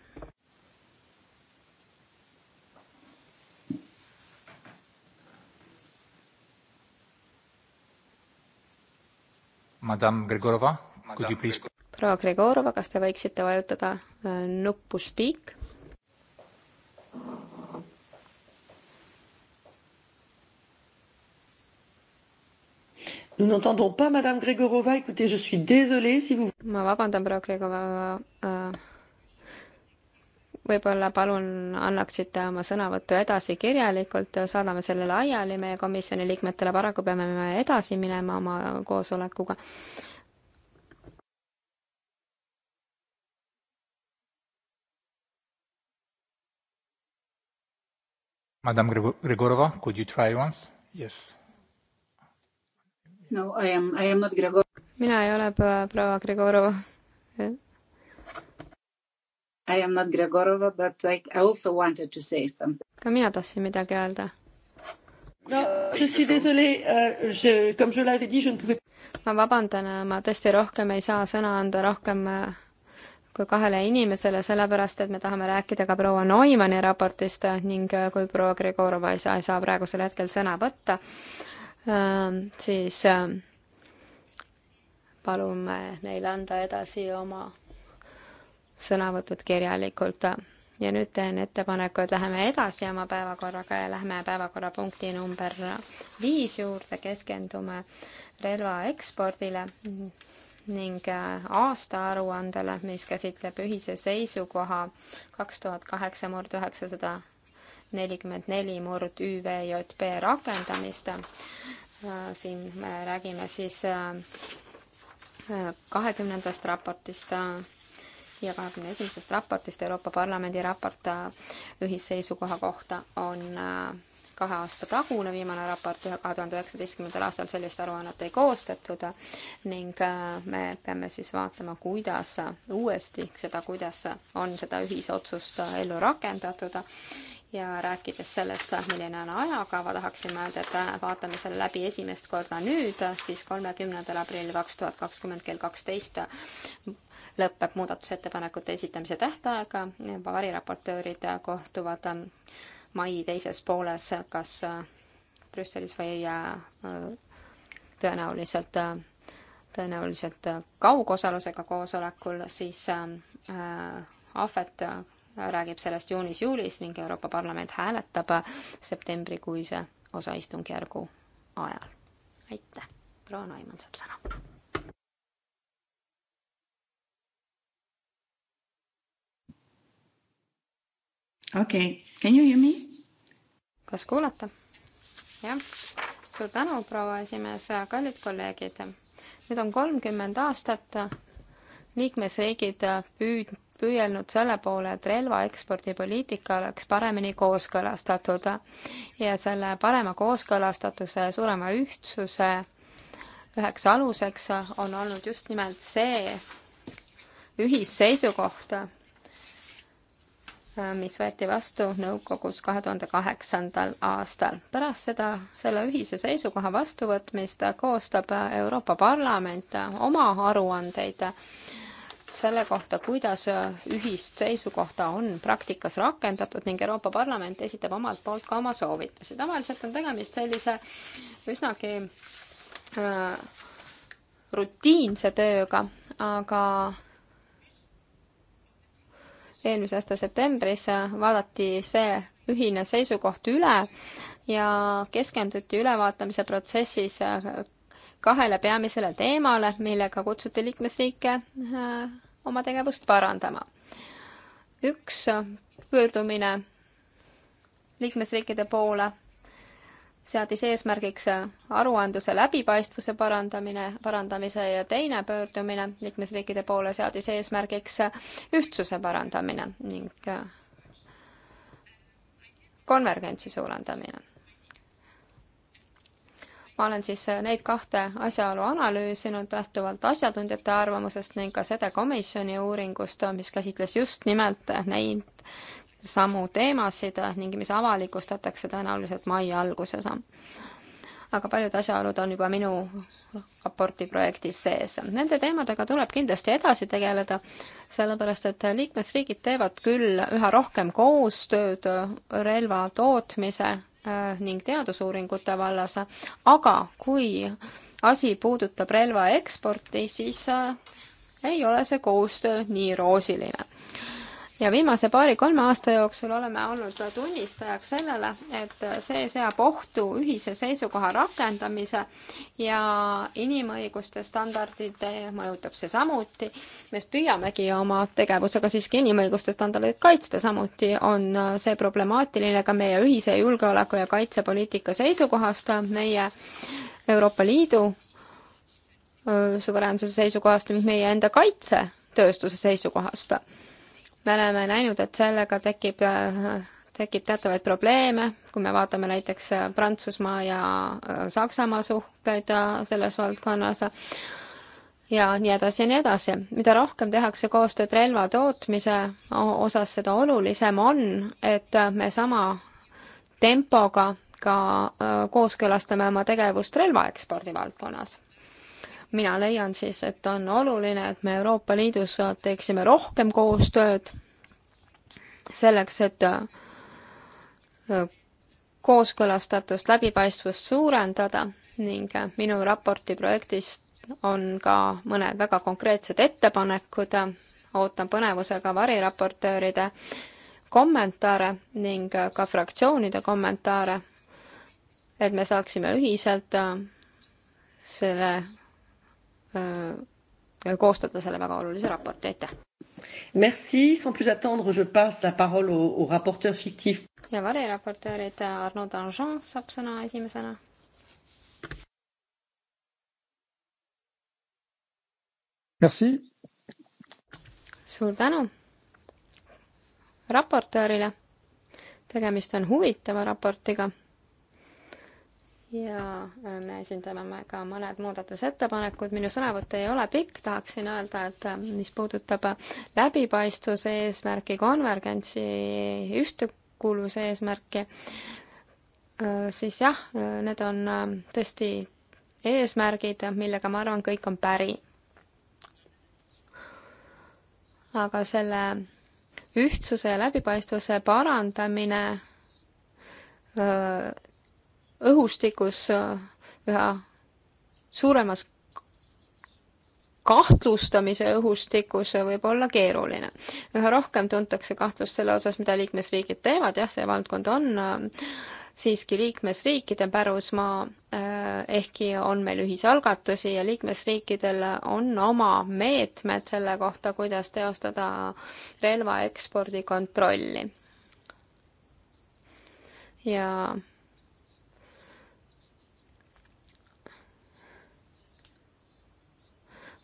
Madame Gregorova, could you please? proua Gregorova, kas te võiksite vajutada äh, nuppu speak? Nous n'entendons pas Madame Grégorova. Écoutez, je suis désolée si vous... ma vabandan, proua Grégorova äh,. võib-olla palun annaksite oma sõnavõttu edasi kirjalikult, saadame selle laiali meie komisjoni liikmetele, paraku peame me edasi minema oma koosolekuga. Madame Grigorova, could you try once? Yes no I am, I am not Gregor. mina ei ole proua Gregorova. I am not Gregorova, but like I also wanted to say something. ka mina tahtsin midagi öelda. No, je suis désolée, euh, je, comme je l'avais dit, je ne pouvais ma vabandan, äh, ma tõesti rohkem ei saa sõna anda, rohkem äh, kui kahele inimesele, sellepärast et me tahame rääkida ka proua Neumanni raportist äh, ning kui proua Gregorova ei saa, ei saa praegusel hetkel sõna võtta, Ähm, siis ähm, palume neil anda edasi oma sõnavõtud kirjalikult. ja nüüd teen ettepaneku, et läheme edasi oma päevakorraga ja lähme päevakorrapunkti number viis juurde, keskendume relva ekspordile ning äh, aastaaruandele, mis käsitleb ühise seisukoha kaks tuhat kaheksa murd üheksasada nelikümmend neli murd ÜVJP rakendamist. Äh, siin me räägime siis äh, kahekümnendast raportist äh, ja kahekümne esimesest raportist, Euroopa Parlamendi raport ühisseisukoha kohta on kahe aasta tagune viimane raport, kahe tuhande üheksateistkümnendal aastal sellist aruannet ei koostatud ning me peame siis vaatama, kuidas uuesti seda, kuidas on seda ühisotsust ellu rakendatud ja rääkides sellest, milline on ajakava, tahaksime öelda, et äh, vaatame selle läbi esimest korda nüüd, siis kolmekümnendal aprillil kaks tuhat kakskümmend kell kaksteist lõpeb muudatusettepanekute esitamise tähtaeg, variraportöörid kohtuvad ähm, mai teises pooles kas äh, Brüsselis või äh, tõenäoliselt, tõenäoliselt kaugosalusega koosolekul, siis ähm, ahvet räägib sellest juunis-juulis ning Euroopa Parlament hääletab septembrikuise osaistungjärgu ajal. aitäh, proua Noimann saab sõna. okei okay., can you hear me? kas kuulata? jah, suur tänu, proua esimees, kallid kolleegid. nüüd on kolmkümmend aastat liikmesriigid püüd-, püüelnud selle poole, et relvaekspordipoliitika oleks paremini kooskõlastatud ja selle parema kooskõlastatuse ja suurema ühtsuse üheks aluseks on olnud just nimelt see ühisseisukoht, mis võeti vastu nõukogus kahe tuhande kaheksandal aastal. pärast seda, selle ühise seisukoha vastuvõtmist koostab Euroopa Parlament oma aruandeid selle kohta, kuidas ühist seisukohta on praktikas rakendatud ning Euroopa Parlament esitab omalt poolt ka oma soovitusi. tavaliselt on tegemist sellise üsnagi äh, rutiinse tööga, aga eelmise aasta septembris vaadati see ühine seisukoht üle ja keskenduti ülevaatamise protsessis äh, kahele peamisele teemale, millega kutsuti liikmesriike äh, oma tegevust parandama. üks pöördumine liikmesriikide poole seadis eesmärgiks aruandluse läbipaistvuse parandamine, parandamise ja teine pöördumine liikmesriikide poole seadis eesmärgiks ühtsuse parandamine ning konvergentsi suurendamine ma olen siis neid kahte asjaolu analüüsinud lähtuvalt asjatundjate arvamusest ning ka seda komisjoni uuringust, mis käsitles just nimelt neid samu teemasid ning mis avalikustatakse tõenäoliselt mai alguses. aga paljud asjaolud on juba minu raporti projektis sees. Nende teemadega tuleb kindlasti edasi tegeleda, sellepärast et liikmesriigid teevad küll üha rohkem koostööd relva tootmise Äh, ning teadusuuringute vallas, aga kui asi puudutab relva eksporti, siis äh, ei ole see koostöö nii roosiline ja viimase paari-kolme aasta jooksul oleme olnud tunnistajaks sellele, et see seab ohtu ühise seisukoha rakendamise ja inimõiguste standardid mõjutab see samuti. me püüamegi oma tegevusega siiski inimõiguste standardeid kaitsta, samuti on see problemaatiline ka meie ühise julgeoleku ja kaitsepoliitika seisukohast, meie Euroopa Liidu äh, suveräänsuse seisukohast ning meie enda kaitsetööstuse seisukohast me oleme näinud, et sellega tekib, tekib teatavaid probleeme, kui me vaatame näiteks äh, Prantsusmaa ja äh, Saksamaa suhteid äh, selles valdkonnas ja nii edasi ja nii edasi. mida rohkem tehakse koostööd relva tootmise osas, seda olulisem on, et me sama tempoga ka kooskõlastame oma tegevust relvaekspordi valdkonnas mina leian siis, et on oluline, et me Euroopa Liidus teeksime rohkem koostööd selleks, et äh, kooskõlastatust, läbipaistvust suurendada ning äh, minu raporti projektist on ka mõned väga konkreetsed ettepanekud, ootan põnevusega variraportööride kommentaare ning äh, ka fraktsioonide kommentaare, et me saaksime ühiselt selle Äh, koostada selle väga olulise raporti, aitäh! Merci, sans plus attendre, je passe la parole au, au rapporteur fictif. ja variraportöörid äh, Arno Danjean saab sõna esimesena. Merci! suur tänu raportöörile! tegemist on huvitava raportiga ja äh, me esindame ka mõned muudatusettepanekud, minu sõnavõtt ei ole pikk, tahaksin öelda, et äh, mis puudutab äh, läbipaistvuse eesmärki, konvergentsi ühtekuuluvuse eesmärki, siis jah, need on tõesti eesmärgid, millega ma arvan, kõik on päri. aga selle ühtsuse ja läbipaistvuse parandamine õhustikus äh, üha suuremas kahtlustamise õhustikus äh, võib olla keeruline. üha rohkem tuntakse kahtlust selle osas, mida liikmesriigid teevad, jah, see valdkond on äh, siiski liikmesriikide pärusmaa, ehkki on meil ühisalgatusi ja liikmesriikidel on oma meetmed selle kohta, kuidas teostada relva ekspordi kontrolli. ja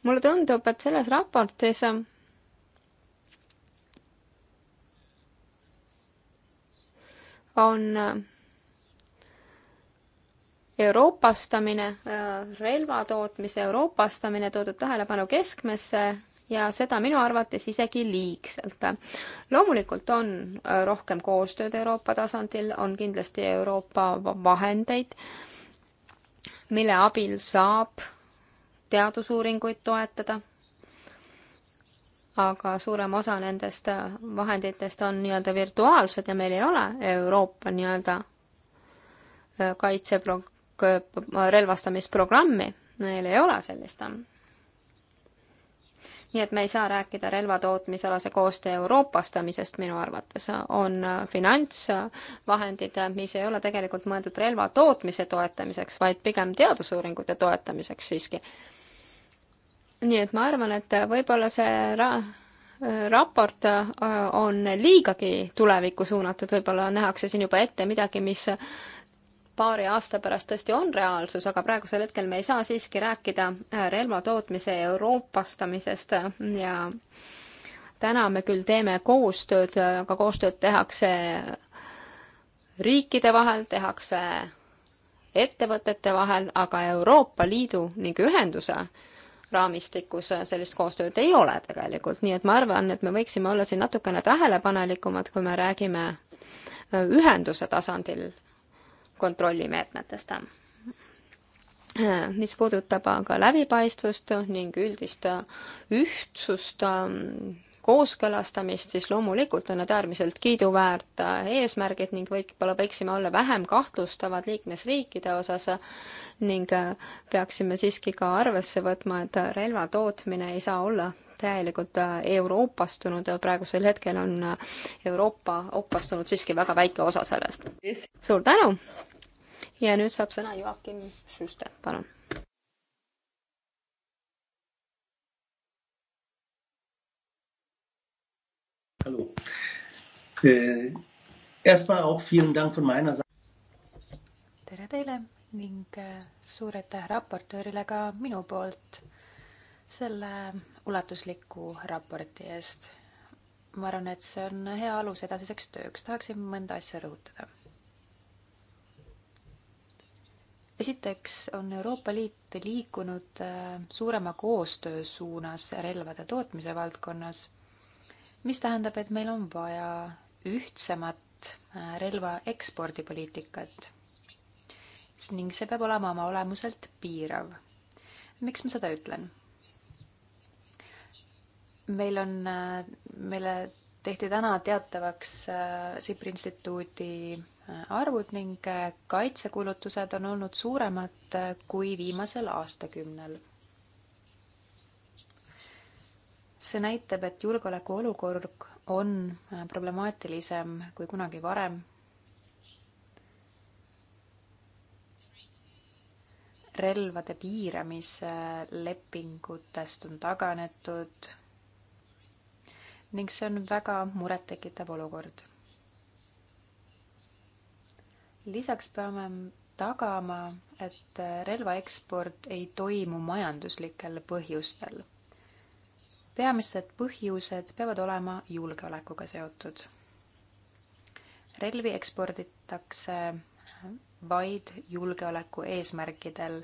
mulle tundub, et selles raportis on äh, euroopastamine, äh, relvatootmise euroopastamine toodud tähelepanu keskmesse ja seda minu arvates isegi liigselt. loomulikult on äh, rohkem koostööd Euroopa tasandil, on kindlasti Euroopa vahendeid, mille abil saab teadusuuringuid toetada, aga suurem osa nendest vahenditest on nii-öelda virtuaalsed ja meil ei ole Euroopa nii-öelda äh, kaitsepro-, äh, relvastamisprogrammi, meil ei ole sellist. nii et me ei saa rääkida relvatootmisalase koostöö euroopastamisest, minu arvates on äh, finantsvahendid, mis ei ole tegelikult mõeldud relva tootmise toetamiseks, vaid pigem teadusuuringute toetamiseks siiski nii et ma arvan, et võib-olla see ra-, raport äh, on liigagi tulevikku suunatud, võib-olla nähakse siin juba ette midagi, mis paari aasta pärast tõesti on reaalsus, aga praegusel hetkel me ei saa siiski rääkida äh, relvatootmise euroopastamisest ja täna me küll teeme koostööd, äh, aga koostööd tehakse riikide vahel, tehakse ettevõtete vahel, aga Euroopa Liidu ning ühenduse raamistikus äh, sellist koostööd ei ole tegelikult, nii et ma arvan, et me võiksime olla siin natukene tähelepanelikumad, kui me räägime äh, ühenduse tasandil kontrollimeetmetest. Äh, mis puudutab aga läbipaistvust ning üldist ühtsust ähm, kooskõlastamist, siis loomulikult on need äärmiselt kiiduväärt äh, eesmärgid ning võib-olla võiksime olla vähem kahtlustavad liikmesriikide osas ning äh, peaksime siiski ka arvesse võtma, et relva tootmine ei saa olla täielikult äh, euroopastunud ja praegusel hetkel on Euroopa opastunud siiski väga väike osa sellest. suur tänu! ja nüüd saab sõna Joakim Schuster, palun hallo. Äh, erstmal auch vielen Dank von meiner Seite. tere teile ning äh, suur aitäh raportöörile ka minu poolt selle ulatusliku raporti eest. ma arvan, et see on hea alus edasiseks tööks, tahaksin mõnda asja rõhutada. esiteks on Euroopa Liit liikunud äh, suurema koostöö suunas relvade tootmise valdkonnas mis tähendab, et meil on vaja ühtsemat äh, relva ekspordipoliitikat ning see peab olema oma olemuselt piirav. miks ma seda ütlen? meil on, äh, meile tehti täna teatavaks äh, Sipri instituudi arvud ning kaitsekulutused on olnud suuremad kui viimasel aastakümnel see näitab, et julgeolekuolukord on äh, problemaatilisem kui kunagi varem. relvade piiramise äh, lepingutest on taganetud ning see on väga murettekitav olukord. lisaks peame tagama, et äh, relvaeksport ei toimu majanduslikel põhjustel peamised põhjused peavad olema julgeolekuga seotud. relvi eksporditakse vaid julgeoleku eesmärkidel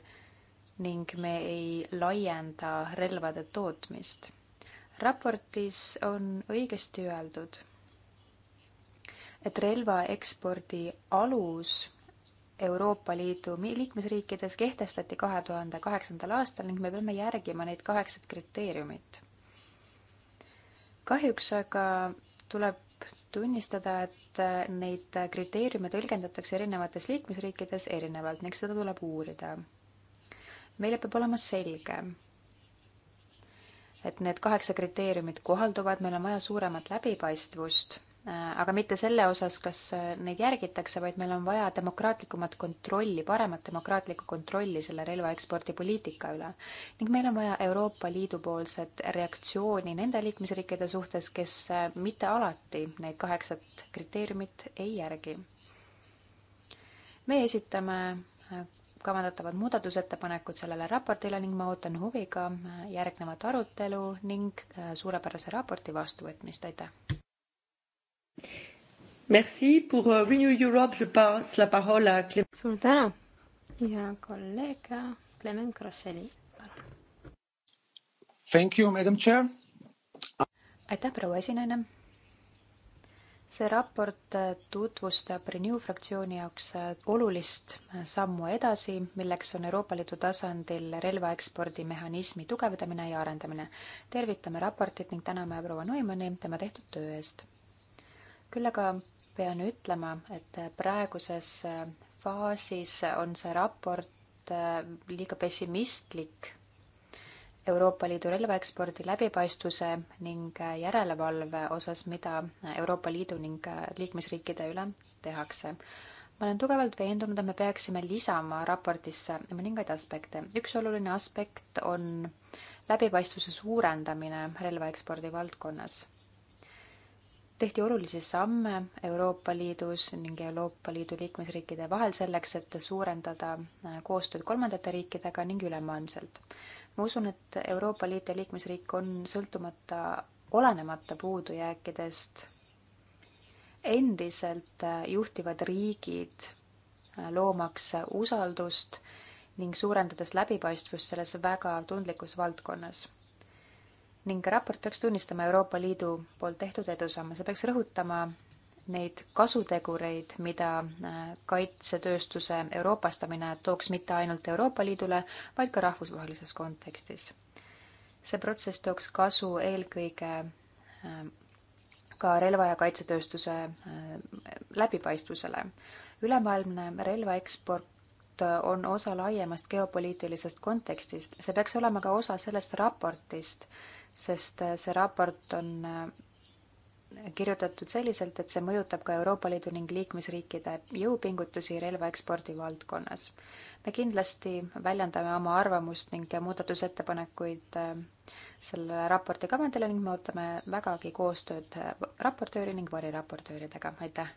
ning me ei laienda relvade tootmist. raportis on õigesti öeldud, et relva ekspordi alus Euroopa Liidu liikmesriikides kehtestati kahe tuhande kaheksandal aastal ning me peame järgima neid kaheksat kriteeriumit kahjuks aga tuleb tunnistada, et äh, neid kriteeriume tõlgendatakse erinevates liikmesriikides erinevalt ning seda tuleb uurida. meile peab olema selge, et need kaheksa kriteeriumit kohalduvad, meil on vaja suuremat läbipaistvust Äh, aga mitte selle osas, kas äh, neid järgitakse, vaid meil on vaja demokraatlikumat kontrolli, paremat demokraatlikku kontrolli selle relvaekspordi poliitika üle. ning meil on vaja Euroopa Liidu poolset reaktsiooni nende liikmesriikide suhtes, kes äh, mitte alati neid kaheksat kriteeriumit ei järgi. me esitame kavandatavad muudatusettepanekud sellele raportile ning ma ootan huviga järgnevat arutelu ning suurepärase raporti vastuvõtmist, aitäh! Merci pour euh, Renew Europe, je passe la parole à Clem-. suur tänu ja kolleeg äh, Clement Grosselli, palun. Thank you, madam chair. aitäh, proua esinaine. see raport äh, tutvustab Renew fraktsiooni jaoks äh, olulist sammu edasi, milleks on Euroopa Liidu tasandil relvaekspordi mehhanismi tugevdamine ja arendamine. tervitame raportit ning täname proua Neumanni tema tehtud töö eest küll aga pean ütlema, et praeguses faasis on see raport äh, liiga pessimistlik Euroopa Liidu relvaekspordi läbipaistvuse ning äh, järelevalve osas, mida Euroopa Liidu ning äh, liikmesriikide üle tehakse. ma olen tugevalt veendunud, et me peaksime lisama raportisse mõningaid aspekte. üks oluline aspekt on läbipaistvuse suurendamine relvaekspordi valdkonnas tehti olulisi samme Euroopa Liidus ning Euroopa Liidu liikmesriikide vahel selleks, et suurendada äh, koostööd kolmandate riikidega ning ülemaailmselt. ma usun, et Euroopa Liit ja liikmesriik on sõltumata, olenemata puudujääkidest endiselt äh, juhtivad riigid, äh, loomaks usaldust ning suurendades läbipaistvust selles väga tundlikus valdkonnas ning raport peaks tunnistama Euroopa Liidu poolt tehtud edusamme, see peaks rõhutama neid kasutegureid, mida äh, kaitsetööstuse euroopastamine tooks mitte ainult Euroopa Liidule, vaid ka rahvusvahelises kontekstis. see protsess tooks kasu eelkõige äh, ka relva- ja kaitsetööstuse äh, läbipaistvusele. ülemaailmne relvaeksport on osa laiemast geopoliitilisest kontekstist, see peaks olema ka osa sellest raportist, sest äh, see raport on äh, kirjutatud selliselt, et see mõjutab ka Euroopa Liidu ning liikmesriikide jõupingutusi relvaekspordi valdkonnas. me kindlasti väljendame oma arvamust ning muudatusettepanekuid äh, selle raporti kavandile ning me ootame vägagi koostööd raportööri ning variraportööridega, aitäh!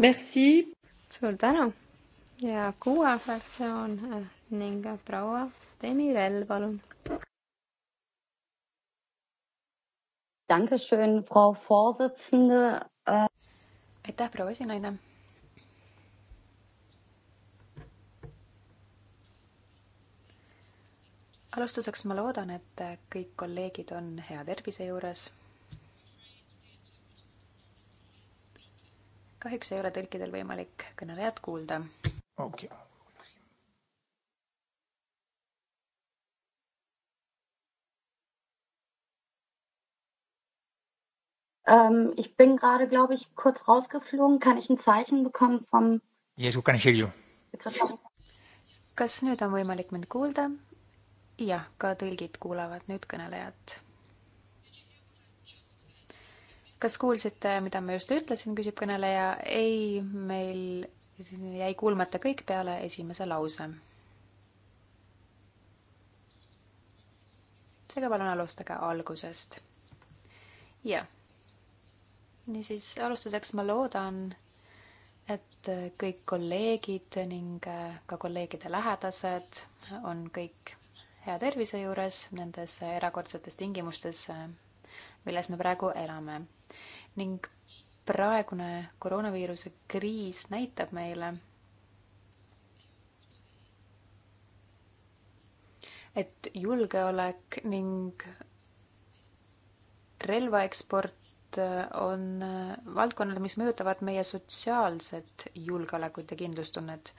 Merci! suur tänu! ja kuue fraktsioon äh, ning äh, proua Demirel, palun. Äh, aitäh, proua esinaine. alustuseks ma loodan, et kõik kolleegid on hea tervise juures kahjuks ei ole tõlkidel võimalik kõnelejat kuulda Okay. Ähm, ich bin gerade, glaube ich, kurz rausgeflogen. Kann ich ein Zeichen bekommen vom Yes, we can hear you. Sekretär? kas nüüd on võimalik mind kuulda? jah, ka tõlgid kuulavad nüüd kõnelejat. kas kuulsite, mida ma just ütlesin, küsib kõneleja. ei, meil jäi kuulmata kõik peale esimese lause. seega palun alustage algusest. jah. niisiis, alustuseks ma loodan, et kõik kolleegid ning ka kolleegide lähedased on kõik hea tervise juures nendes erakordsetes tingimustes, milles me praegu elame ning praegune koroonaviiruse kriis näitab meile, et julgeolek ning relvaeksport on valdkonnad, mis mõjutavad meie sotsiaalset julgeolekut ja kindlustunnet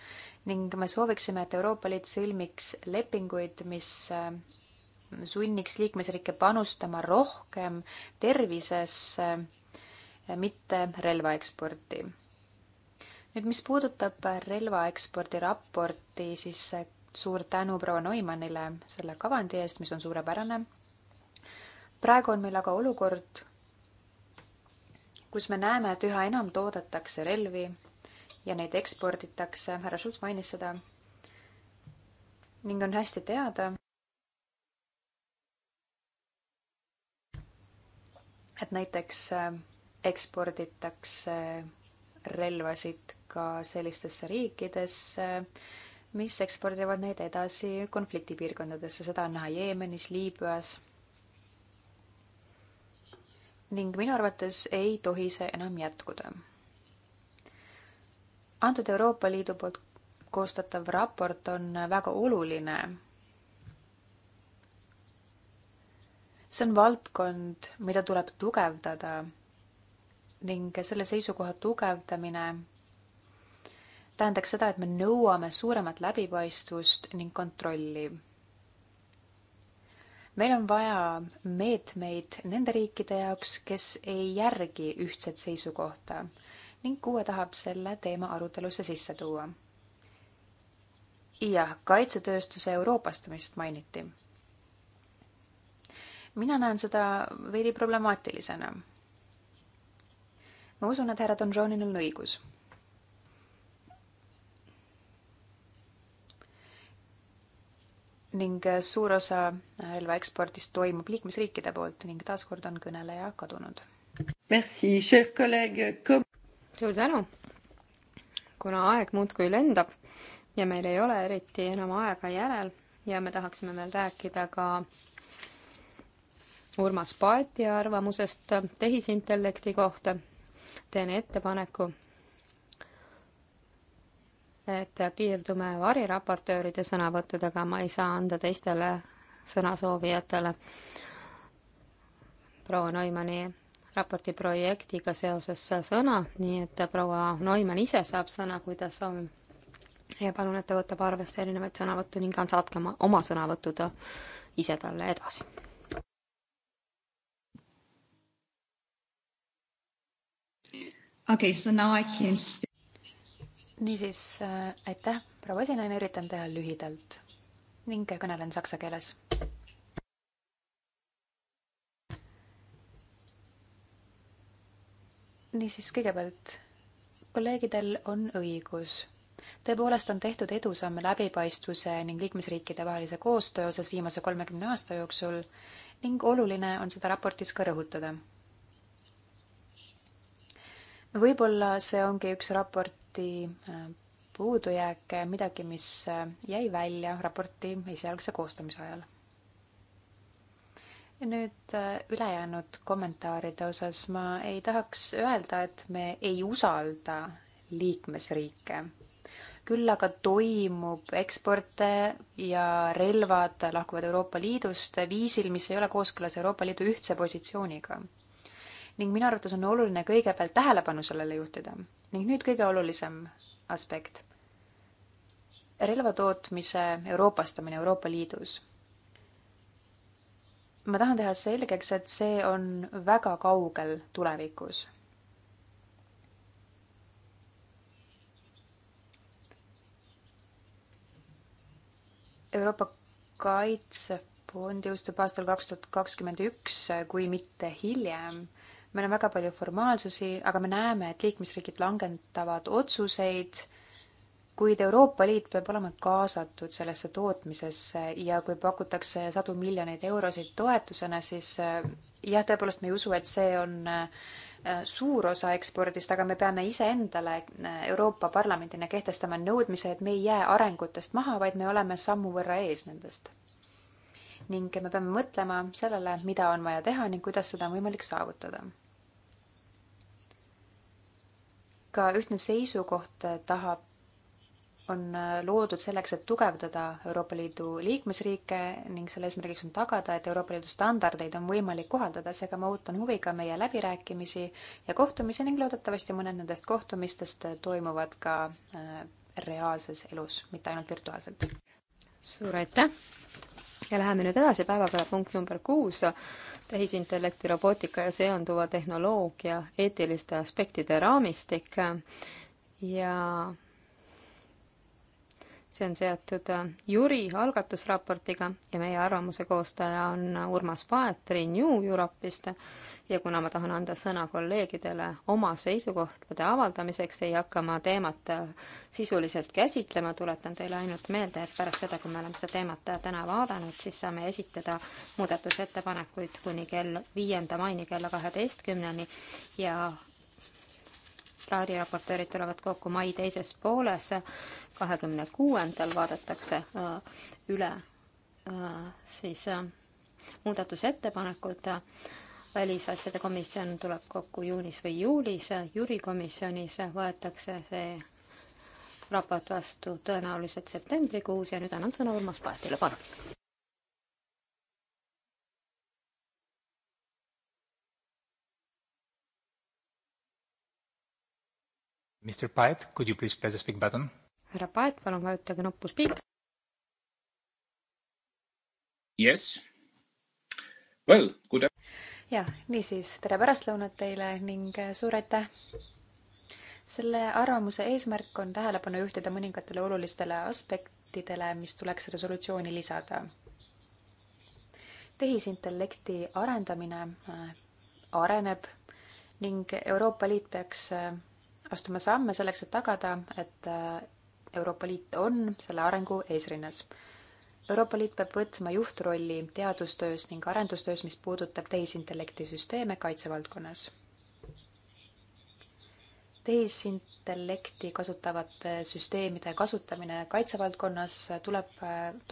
ning me sooviksime, et Euroopa Liit sõlmiks lepinguid, mis sunniks liikmesriike panustama rohkem tervisesse mitte relvaeksporti. nüüd, mis puudutab relvaekspordi raporti, siis suur tänu proua Neumannile selle kavandi eest, mis on suurepärane. praegu on meil aga olukord, kus me näeme, et üha enam toodetakse relvi ja neid eksporditakse, härra Schulz mainis seda, ning on hästi teada, et näiteks äh, eksporditakse relvasid ka sellistesse riikidesse, mis ekspordivad neid edasi konfliktipiirkondadesse, seda on näha Jeemenis, Liibüas. ning minu arvates ei tohi see enam jätkuda. antud Euroopa Liidu poolt koostatav raport on väga oluline. see on valdkond, mida tuleb tugevdada ning selle seisukoha tugevdamine tähendaks seda, et me nõuame suuremat läbipaistvust ning kontrolli. meil on vaja meetmeid nende riikide jaoks, kes ei järgi ühtset seisukohta ning kuue tahab selle teema arutelusse sisse tuua. jah, kaitsetööstuse euroopastamist mainiti. mina näen seda veidi problemaatilisena ma usun, et härra Donjonil on õigus. ning äh, suur osa äh, relva ekspordist toimub liikmesriikide poolt ning taaskord on kõneleja kadunud. suur tänu. kuna aeg muudkui lendab ja meil ei ole eriti enam aega järel ja me tahaksime veel rääkida ka Urmas Paeti arvamusest tehisintellekti kohta teen ettepaneku, et piirdume variraportööride sõnavõttudega, ma ei saa anda teistele sõnasoovijatele proua Neumanni raporti projektiga seoses sõna, nii et proua Neumann ise saab sõna, kui ta soovib. ja palun, et ta võtab arvesse erinevaid sõnavõttu ning saatke oma, oma sõnavõtud ise talle edasi okei okay,, so now I can speak. niisiis äh,, aitäh, proua esinaine, üritan teha lühidalt ning kõnelen saksa keeles. niisiis, kõigepealt kolleegidel on õigus. tõepoolest on tehtud edusamme läbipaistvuse ning liikmesriikide vahelise koostöö osas viimase kolmekümne aasta jooksul ning oluline on seda raportis ka rõhutada võib-olla see ongi üks raporti äh, puudujääke, midagi, mis äh, jäi välja raporti esialgse koostamise ajal. nüüd äh, ülejäänud kommentaaride osas ma ei tahaks öelda, et me ei usalda liikmesriike. küll aga toimub eksporte ja relvad lahkuvad Euroopa Liidust viisil, mis ei ole kooskõlas Euroopa Liidu ühtse positsiooniga ning minu arvates on oluline kõigepealt tähelepanu sellele juhtida. ning nüüd kõige olulisem aspekt. relvatootmise euroopastamine Euroopa Liidus. ma tahan teha selgeks, et see on väga kaugel tulevikus Euroopa Kaitsefond jõustub aastal kaks tuhat kakskümmend üks, kui mitte hiljem meil on väga palju formaalsusi, aga me näeme, et liikmesriigid langetavad otsuseid, kuid Euroopa Liit peab olema kaasatud sellesse tootmisesse ja kui pakutakse sadu miljoneid eurosid toetusena, siis eh, jah, tõepoolest me ei usu, et see on eh, suur osa ekspordist, aga me peame iseendale eh, Euroopa Parlamendina kehtestama nõudmise, et me ei jää arengutest maha, vaid me oleme sammu võrra ees nendest. ning me peame mõtlema sellele, mida on vaja teha ning kuidas seda on võimalik saavutada ka ühtne seisukoht tahab, on äh, loodud selleks, et tugevdada Euroopa Liidu liikmesriike ning selle eesmärgiks on tagada, et Euroopa Liidu standardeid on võimalik kohaldada, seega ma ootan huviga meie läbirääkimisi ja kohtumisi ning loodetavasti mõned nendest kohtumistest toimuvad ka äh, reaalses elus, mitte ainult virtuaalselt. suur aitäh! ja läheme nüüd edasi, päevakorrapunkt number kuus tehisintellekti, robootika ja seonduva tehnoloogia eetiliste aspektide raamistik ja see on seotud Jüri algatusraportiga ja meie arvamuse koostaja on Urmas Paet Renew Europe'ist ja kuna ma tahan anda sõna kolleegidele oma seisukohtade avaldamiseks, ei hakka ma teemat äh, sisuliselt käsitlema, tuletan teile ainult meelde, et pärast seda, kui me oleme seda teemat täna vaadanud, siis saame esitada muudatusettepanekuid kuni kell viienda maini kella kaheteistkümneni ja Laari raportöörid tulevad kokku mai teises pooles, kahekümne kuuendal vaadatakse äh, üle äh, siis muudatusettepanekud välisasjade komisjon tuleb kokku juunis või juulis, juurikomisjonis võetakse see raport vastu tõenäoliselt septembrikuus ja nüüd annan sõna Urmas Paetile, palun. Mr Paet, could you please press the speak button? härra Paet, palun vajutage nuppu speak. Yes. Well, good ja niisiis, tere pärastlõunat teile ning äh, suur aitäh. selle arvamuse eesmärk on tähelepanu juhtida mõningatele olulistele aspektidele, mis tuleks resolutsiooni lisada. tehisintellekti arendamine äh, areneb ning Euroopa Liit peaks äh, astuma samme selleks, et tagada, et Euroopa Liit on selle arengu eesrinnas Euroopa Liit peab võtma juhtrolli teadustöös ning arendustöös, mis puudutab tehisintellekti süsteeme kaitsevaldkonnas. tehisintellekti kasutavate süsteemide kasutamine kaitsevaldkonnas tuleb,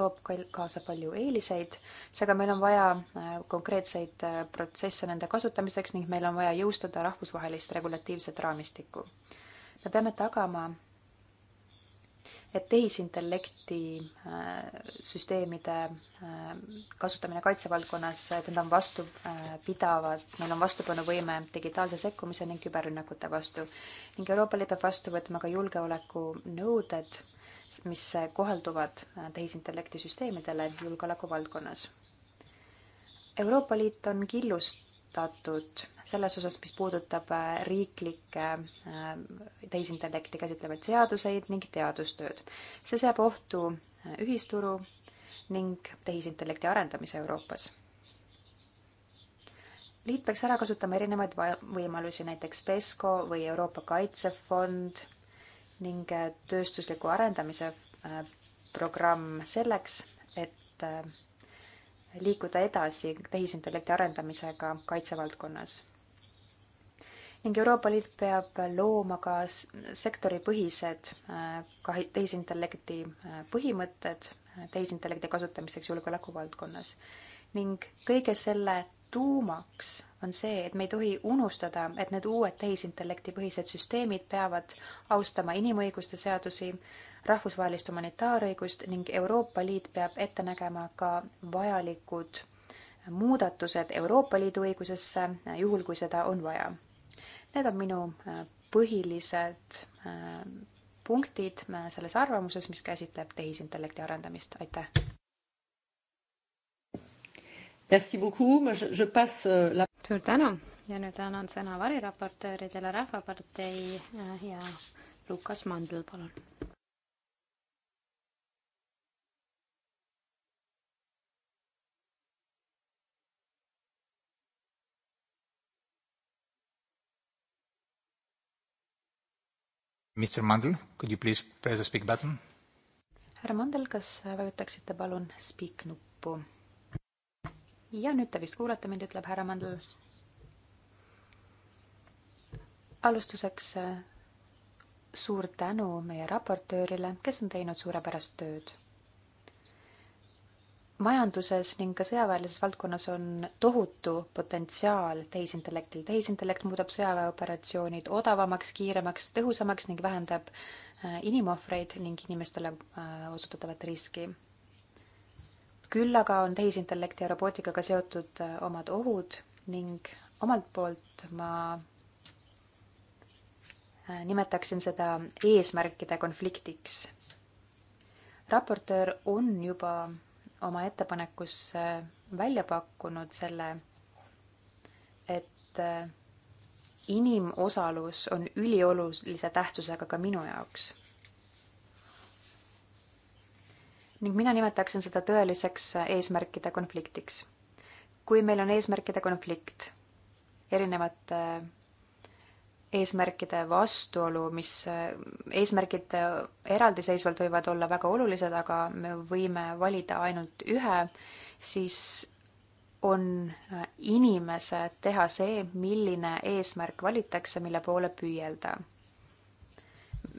toob kaasa palju eeliseid, seega meil on vaja äh, konkreetseid äh, protsesse nende kasutamiseks ning meil on vaja jõustada rahvusvahelist regulatiivset raamistikku. me peame tagama et tehisintellekti äh, süsteemide äh, kasutamine kaitsevaldkonnas, et nad on vastupidavad, meil on vastupanuvõime digitaalse sekkumise ning küberrünnakute vastu. ning Euroopa Liit peab vastu võtma ka julgeolekunõuded, mis kohalduvad äh, tehisintellekti süsteemidele julgeoleku valdkonnas. Euroopa Liit on killust vastatud selles osas, mis puudutab äh, riiklikke äh, tehisintellekti käsitlevaid seaduseid ning teadustööd. see seab ohtu äh, ühisturu ning tehisintellekti arendamise Euroopas. liit peaks ära kasutama erinevaid võimalusi, näiteks PESCO või Euroopa Kaitsefond ning tööstusliku arendamise programm selleks, et liikuda edasi tehisintellekti arendamisega kaitsevaldkonnas. ning Euroopa Liit peab looma ka sektoripõhised äh, tehisintellekti äh, põhimõtted äh, tehisintellekti kasutamiseks julgeolekuvaldkonnas. ning kõige selle tuumaks on see, et me ei tohi unustada, et need uued tehisintellekti põhised süsteemid peavad austama inimõiguste seadusi, rahvusvahelist humanitaarõigust ning Euroopa Liit peab ette nägema ka vajalikud muudatused Euroopa Liidu õigusesse, juhul kui seda on vaja. Need on minu äh, põhilised äh, punktid äh, selles arvamuses, mis käsitleb tehisintellekti arendamist, aitäh! Merci beaucoup, je passe euh, la suur tänu ja nüüd annan sõna variraportööridele Rahvapartei ja Lukas Mandl, palun Mr Mandel, could you please press the speak button? härra Mandel, kas vajutaksite palun speak nuppu? ja nüüd te vist kuulete mind, ütleb härra Mandel. alustuseks äh, suur tänu meie raportöörile, kes on teinud suurepärast tööd majanduses ning ka sõjaväelises valdkonnas on tohutu potentsiaal tehisintellektil. tehisintellekt muudab sõjaväeoperatsioonid odavamaks, kiiremaks, tõhusamaks ning vähendab äh, inimohvreid ning inimestele äh, osutatavat riski. küll aga on tehisintellekti ja robootikaga seotud äh, omad ohud ning omalt poolt ma nimetaksin seda eesmärkide konfliktiks. raportöör on juba oma ettepanekus välja pakkunud selle, et äh, inimosalus on üliolulise tähtsusega ka minu jaoks. ning mina nimetaksin seda tõeliseks äh, eesmärkide konfliktiks. kui meil on eesmärkide konflikt erinevate äh, eesmärkide vastuolu, mis, eesmärgid eraldiseisvalt võivad olla väga olulised, aga me võime valida ainult ühe, siis on inimese teha see, milline eesmärk valitakse, mille poole püüelda.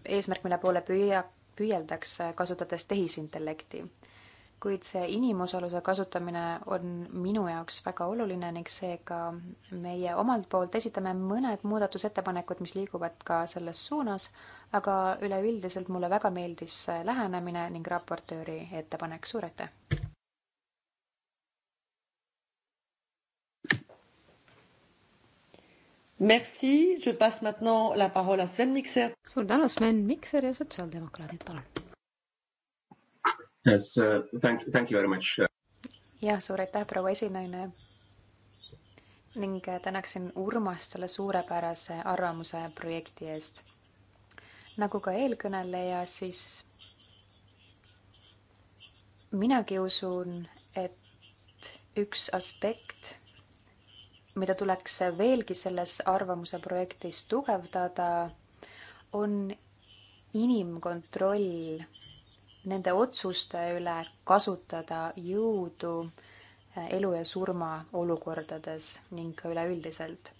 eesmärk, mille poole püüa, püüeldakse, kasutades tehisintellekti kuid see inimosaluse kasutamine on minu jaoks väga oluline ning seega meie omalt poolt esitame mõned muudatusettepanekud, mis liiguvad ka selles suunas, aga üleüldiselt mulle väga meeldis see lähenemine ning raportööri ettepanek, suur aitäh! Merci, je passe maintenant la parole à Sven Mikser. suur tänu, Sven Mikser ja sotsiaaldemokraadid, palun Yes, uh, thank, thank you very much. Uh. jah, suur aitäh, proua esinaine. ning äh, tänaksin Urmast selle suurepärase arvamuse projekti eest. nagu ka eelkõneleja, siis minagi usun, et üks aspekt, mida tuleks veelgi selles arvamuse projektis tugevdada, on inimkontroll nende otsuste üle kasutada jõudu äh, elu ja surma olukordades ning ka üleüldiselt.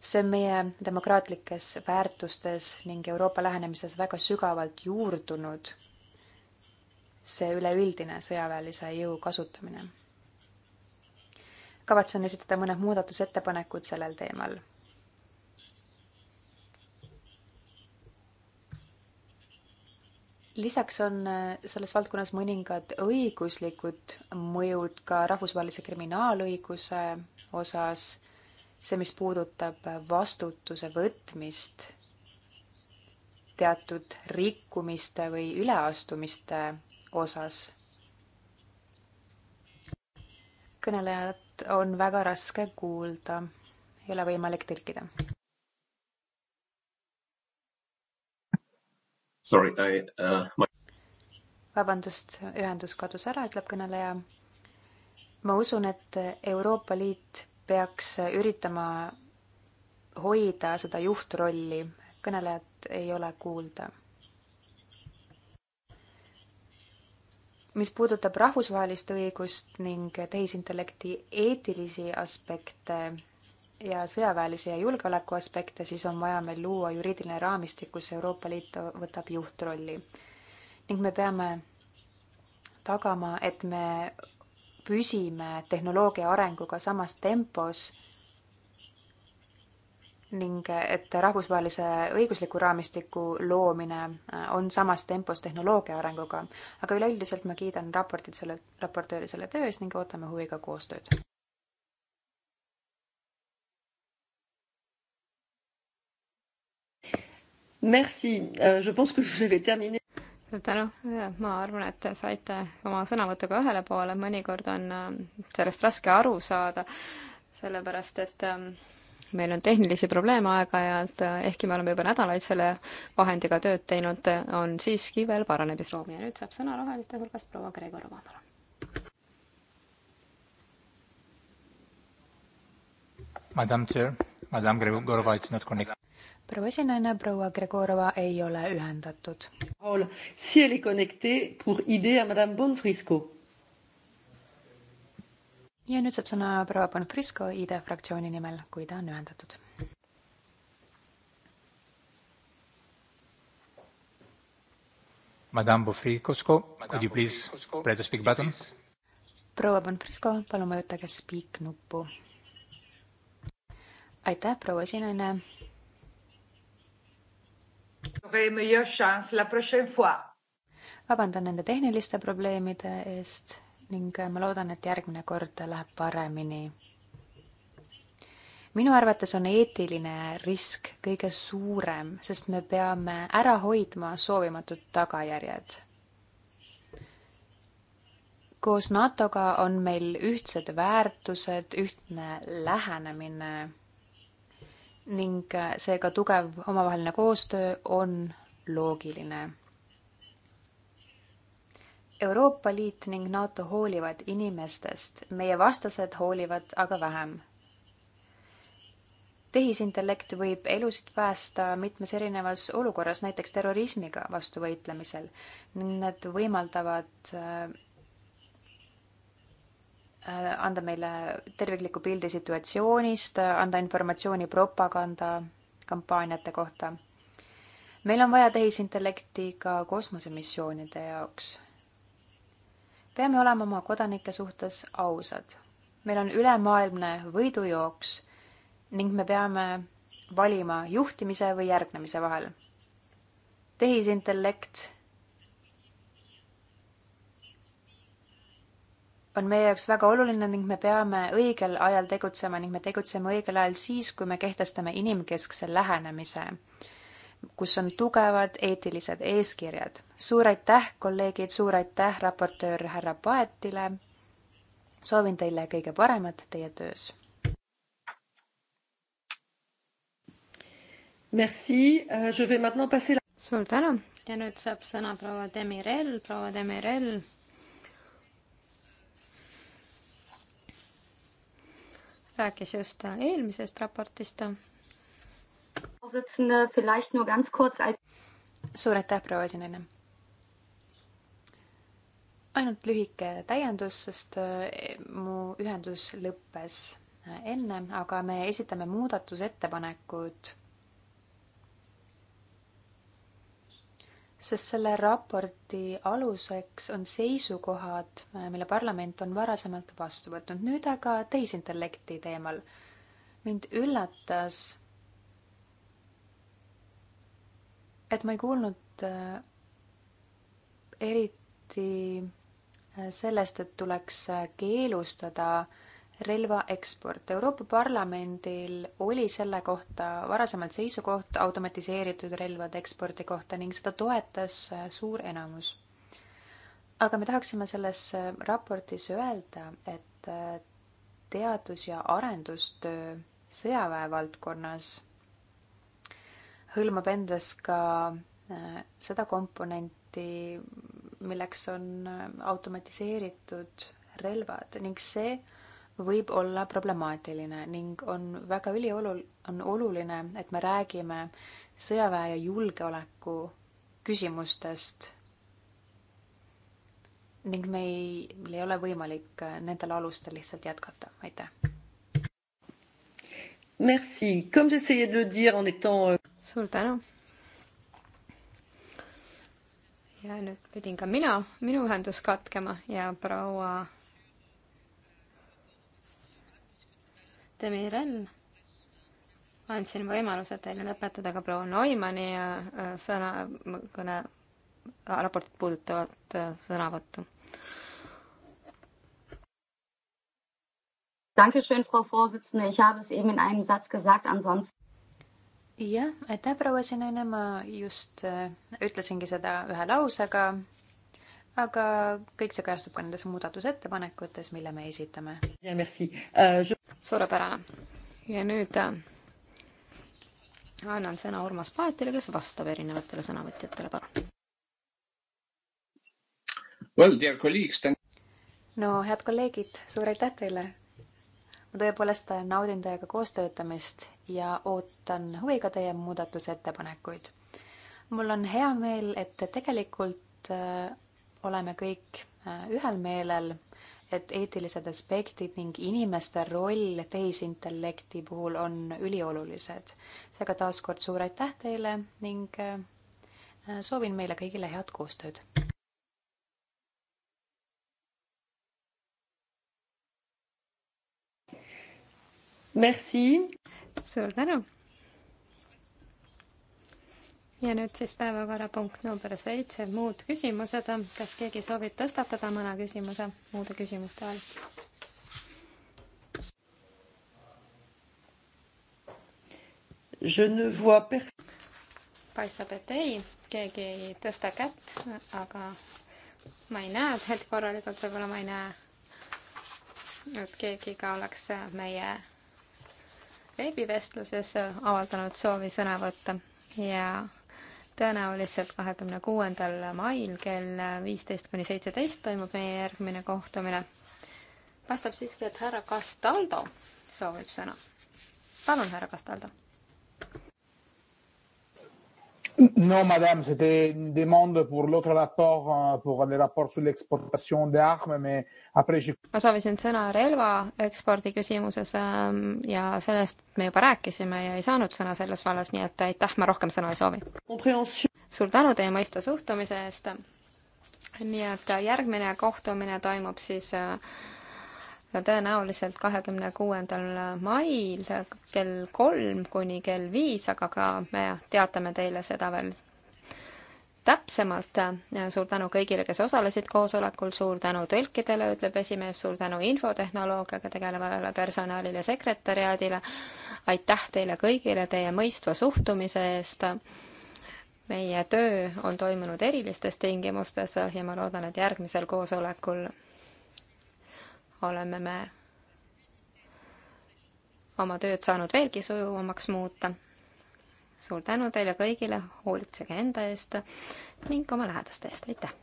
see on meie demokraatlikes väärtustes ning Euroopa lähenemises väga sügavalt juurdunud, see üleüldine sõjaväelise jõu kasutamine. kavatsen esitada mõned muudatusettepanekud sellel teemal lisaks on äh, selles valdkonnas mõningad õiguslikud mõjud ka rahvusvahelise kriminaalõiguse osas, see, mis puudutab vastutuse võtmist teatud rikkumiste või üleastumiste osas. kõnelejat on väga raske kuulda, ei ole võimalik tõlkida. Sorry, I uh,. My... vabandust, ühendus kadus ära, ütleb kõneleja. ma usun, et Euroopa Liit peaks üritama hoida seda juhtrolli, kõnelejat ei ole kuulda. mis puudutab rahvusvahelist õigust ning tehisintellekti eetilisi aspekte, ja sõjaväelisi ja julgeoleku aspekte, siis on vaja meil luua juriidiline raamistik, kus Euroopa Liit võtab juhtrolli. ning me peame tagama, et me püsime tehnoloogia arenguga samas tempos ning et rahvusvahelise õigusliku raamistiku loomine äh, on samas tempos tehnoloogia arenguga. aga üleüldiselt ma kiidan raportit selle, raportööri selle töö eest ning ootame huviga koostööd. Merci, euh, je pense que vous avez terminé. suur tänu, ma arvan, et saite oma sõnavõtuga ühele poole, mõnikord on ähm, sellest raske aru saada, sellepärast et ähm, meil on tehnilisi probleeme aeg-ajalt, äh, ehkki me oleme juba nädalaid selle vahendiga tööd teinud, on siiski veel paranemisruumi ja nüüd saab sõna roheliste hulgast proua Gregorova, palun. Madam Chair, Madam Gregorova, it's not connected proua esinaine, proua Gregorova ei ole ühendatud. Si elle est connectée pour idée à madame Bonfrisco. ja nüüd saab sõna proua Bonfrisco ID e fraktsiooni nimel, kui ta on ühendatud Madame Bonfrisco, could you please press the speak button? proua Bonfrisco, palun vajutage speak nuppu. aitäh, proua esinaine vabandan nende tehniliste probleemide eest ning ma loodan, et järgmine kord läheb paremini. minu arvates on eetiline risk kõige suurem, sest me peame ära hoidma soovimatud tagajärjed. koos NATO-ga on meil ühtsed väärtused, ühtne lähenemine ning äh, seega tugev omavaheline koostöö on loogiline. Euroopa Liit ning NATO hoolivad inimestest, meie vastased hoolivad aga vähem. tehisintellekt võib elusid päästa mitmes erinevas olukorras, näiteks terrorismiga vastu võitlemisel ning need võimaldavad äh, Äh, anda meile tervikliku pildi situatsioonist, anda informatsiooni propagandakampaaniate kohta. meil on vaja tehisintellekti ka kosmosemissioonide jaoks. peame olema oma kodanike suhtes ausad. meil on ülemaailmne võidujooks ning me peame valima juhtimise või järgnemise vahel. tehisintellekt on meie jaoks väga oluline ning me peame õigel ajal tegutsema ning me tegutseme õigel ajal siis, kui me kehtestame inimkeskse lähenemise, kus on tugevad eetilised eeskirjad. suur aitäh, kolleegid, suur aitäh raportöör härra Paetile. soovin teile kõige paremat teie töös. Merci, euh, je vais maintenant passer la... suur tänu ja nüüd saab sõna proua Demirel, proua Demirel rääkis just eelmisest raportist. suur aitäh, proua esinaine ainult lühike täiendus, sest eh, mu ühendus lõppes eh, enne, aga me esitame muudatusettepanekud sest selle raporti aluseks on seisukohad, mille parlament on varasemalt vastu võtnud. nüüd aga tehisintellekti teemal. mind üllatas, et ma ei kuulnud äh, eriti äh, sellest, et tuleks äh, keelustada äh, relvaeksport. Euroopa Parlamendil oli selle kohta varasemalt seisukoht automatiseeritud relvade ekspordi kohta ning seda toetas suur enamus. aga me tahaksime selles raportis öelda, et teadus- ja arendustöö sõjaväe valdkonnas hõlmab endas ka äh, seda komponenti, milleks on äh, automatiseeritud relvad ning see võib olla problemaatiline ning on väga üliolul-, on oluline, et me räägime sõjaväe ja julgeoleku küsimustest ning me ei, meil ei ole võimalik nendel alustel lihtsalt jätkata, aitäh. Merci, comme j'essayais de le dire en étant. Euh, suur tänu. ja nüüd pidin ka mina, minu ühendus katkema ja proua Demirel. andsin võimaluse teile lõpetada ka proua Neumanni äh, äh, sõna, kõne, äh, raportit puudutavat sõnavõttu. Dankeschön, Frau Vorsitzende. Ich habe es eben in einem Satz gesagt, ansonsten. jah, aitäh, proua esinaine, ma just ütlesingi seda ühe lausega aga kõik see kajastub ka nendes muudatusettepanekutes, mille me esitame. Euh, suurepärane. ja nüüd äh, annan sõna Urmas Paetile, kes vastab erinevatele sõnavõtjatele, palun. Well, dear colleagues, thank no head kolleegid, suur aitäh teile! ma tõepoolest naudin teiega koostöötamist ja ootan huviga teie muudatusettepanekuid. mul on hea meel, et tegelikult äh, oleme kõik äh, ühel meelel, et eetilised aspektid ning inimeste roll tehisintellekti puhul on üliolulised. seega taaskord suur aitäh teile ning äh, äh, soovin meile kõigile head koostööd. Merci. suur tänu ja nüüd siis päevakorrapunkt number seitse, muud küsimused. kas keegi soovib tõstatada mõne küsimuse muude küsimuste all? paistab, et ei, keegi ei tõsta kätt, aga ma ei näe teid korralikult, võib-olla ma ei näe, et keegi ka oleks meie veebivestluses avaldanud soovi sõna võtta ja tõenäoliselt kahekümne kuuendal mail kell viisteist kuni seitseteist toimub meie järgmine kohtumine. paistab siiski, et härra Castaldo soovib sõna. palun, härra Castaldo. Non, madame, c'était une demande pour l'autre rapport, euh, pour le rapport sur l'exportation des armes, mais après je... ma soovisin sõna relva ekspordi küsimuses ähm, ja sellest me juba rääkisime ja ei saanud sõna selles vallas, nii et aitäh, ma rohkem sõna ei soovi. suur tänu teie mõistva suhtumise eest. nii et järgmine kohtumine toimub siis äh, tõenäoliselt kahekümne kuuendal mail kell kolm kuni kell viis, aga ka me teatame teile seda veel täpsemalt. suur tänu kõigile, kes osalesid koosolekul, suur tänu tõlkidele, ütleb esimees, suur tänu infotehnoloogiaga tegelevale personalile, sekretäriaadile. aitäh teile kõigile teie mõistva suhtumise eest. meie töö on toimunud erilistes tingimustes ja ma loodan, et järgmisel koosolekul oleme me oma tööd saanud veelgi sujuvamaks muuta. suur tänu teile kõigile, hoolitsege enda eest ning oma lähedaste eest, aitäh!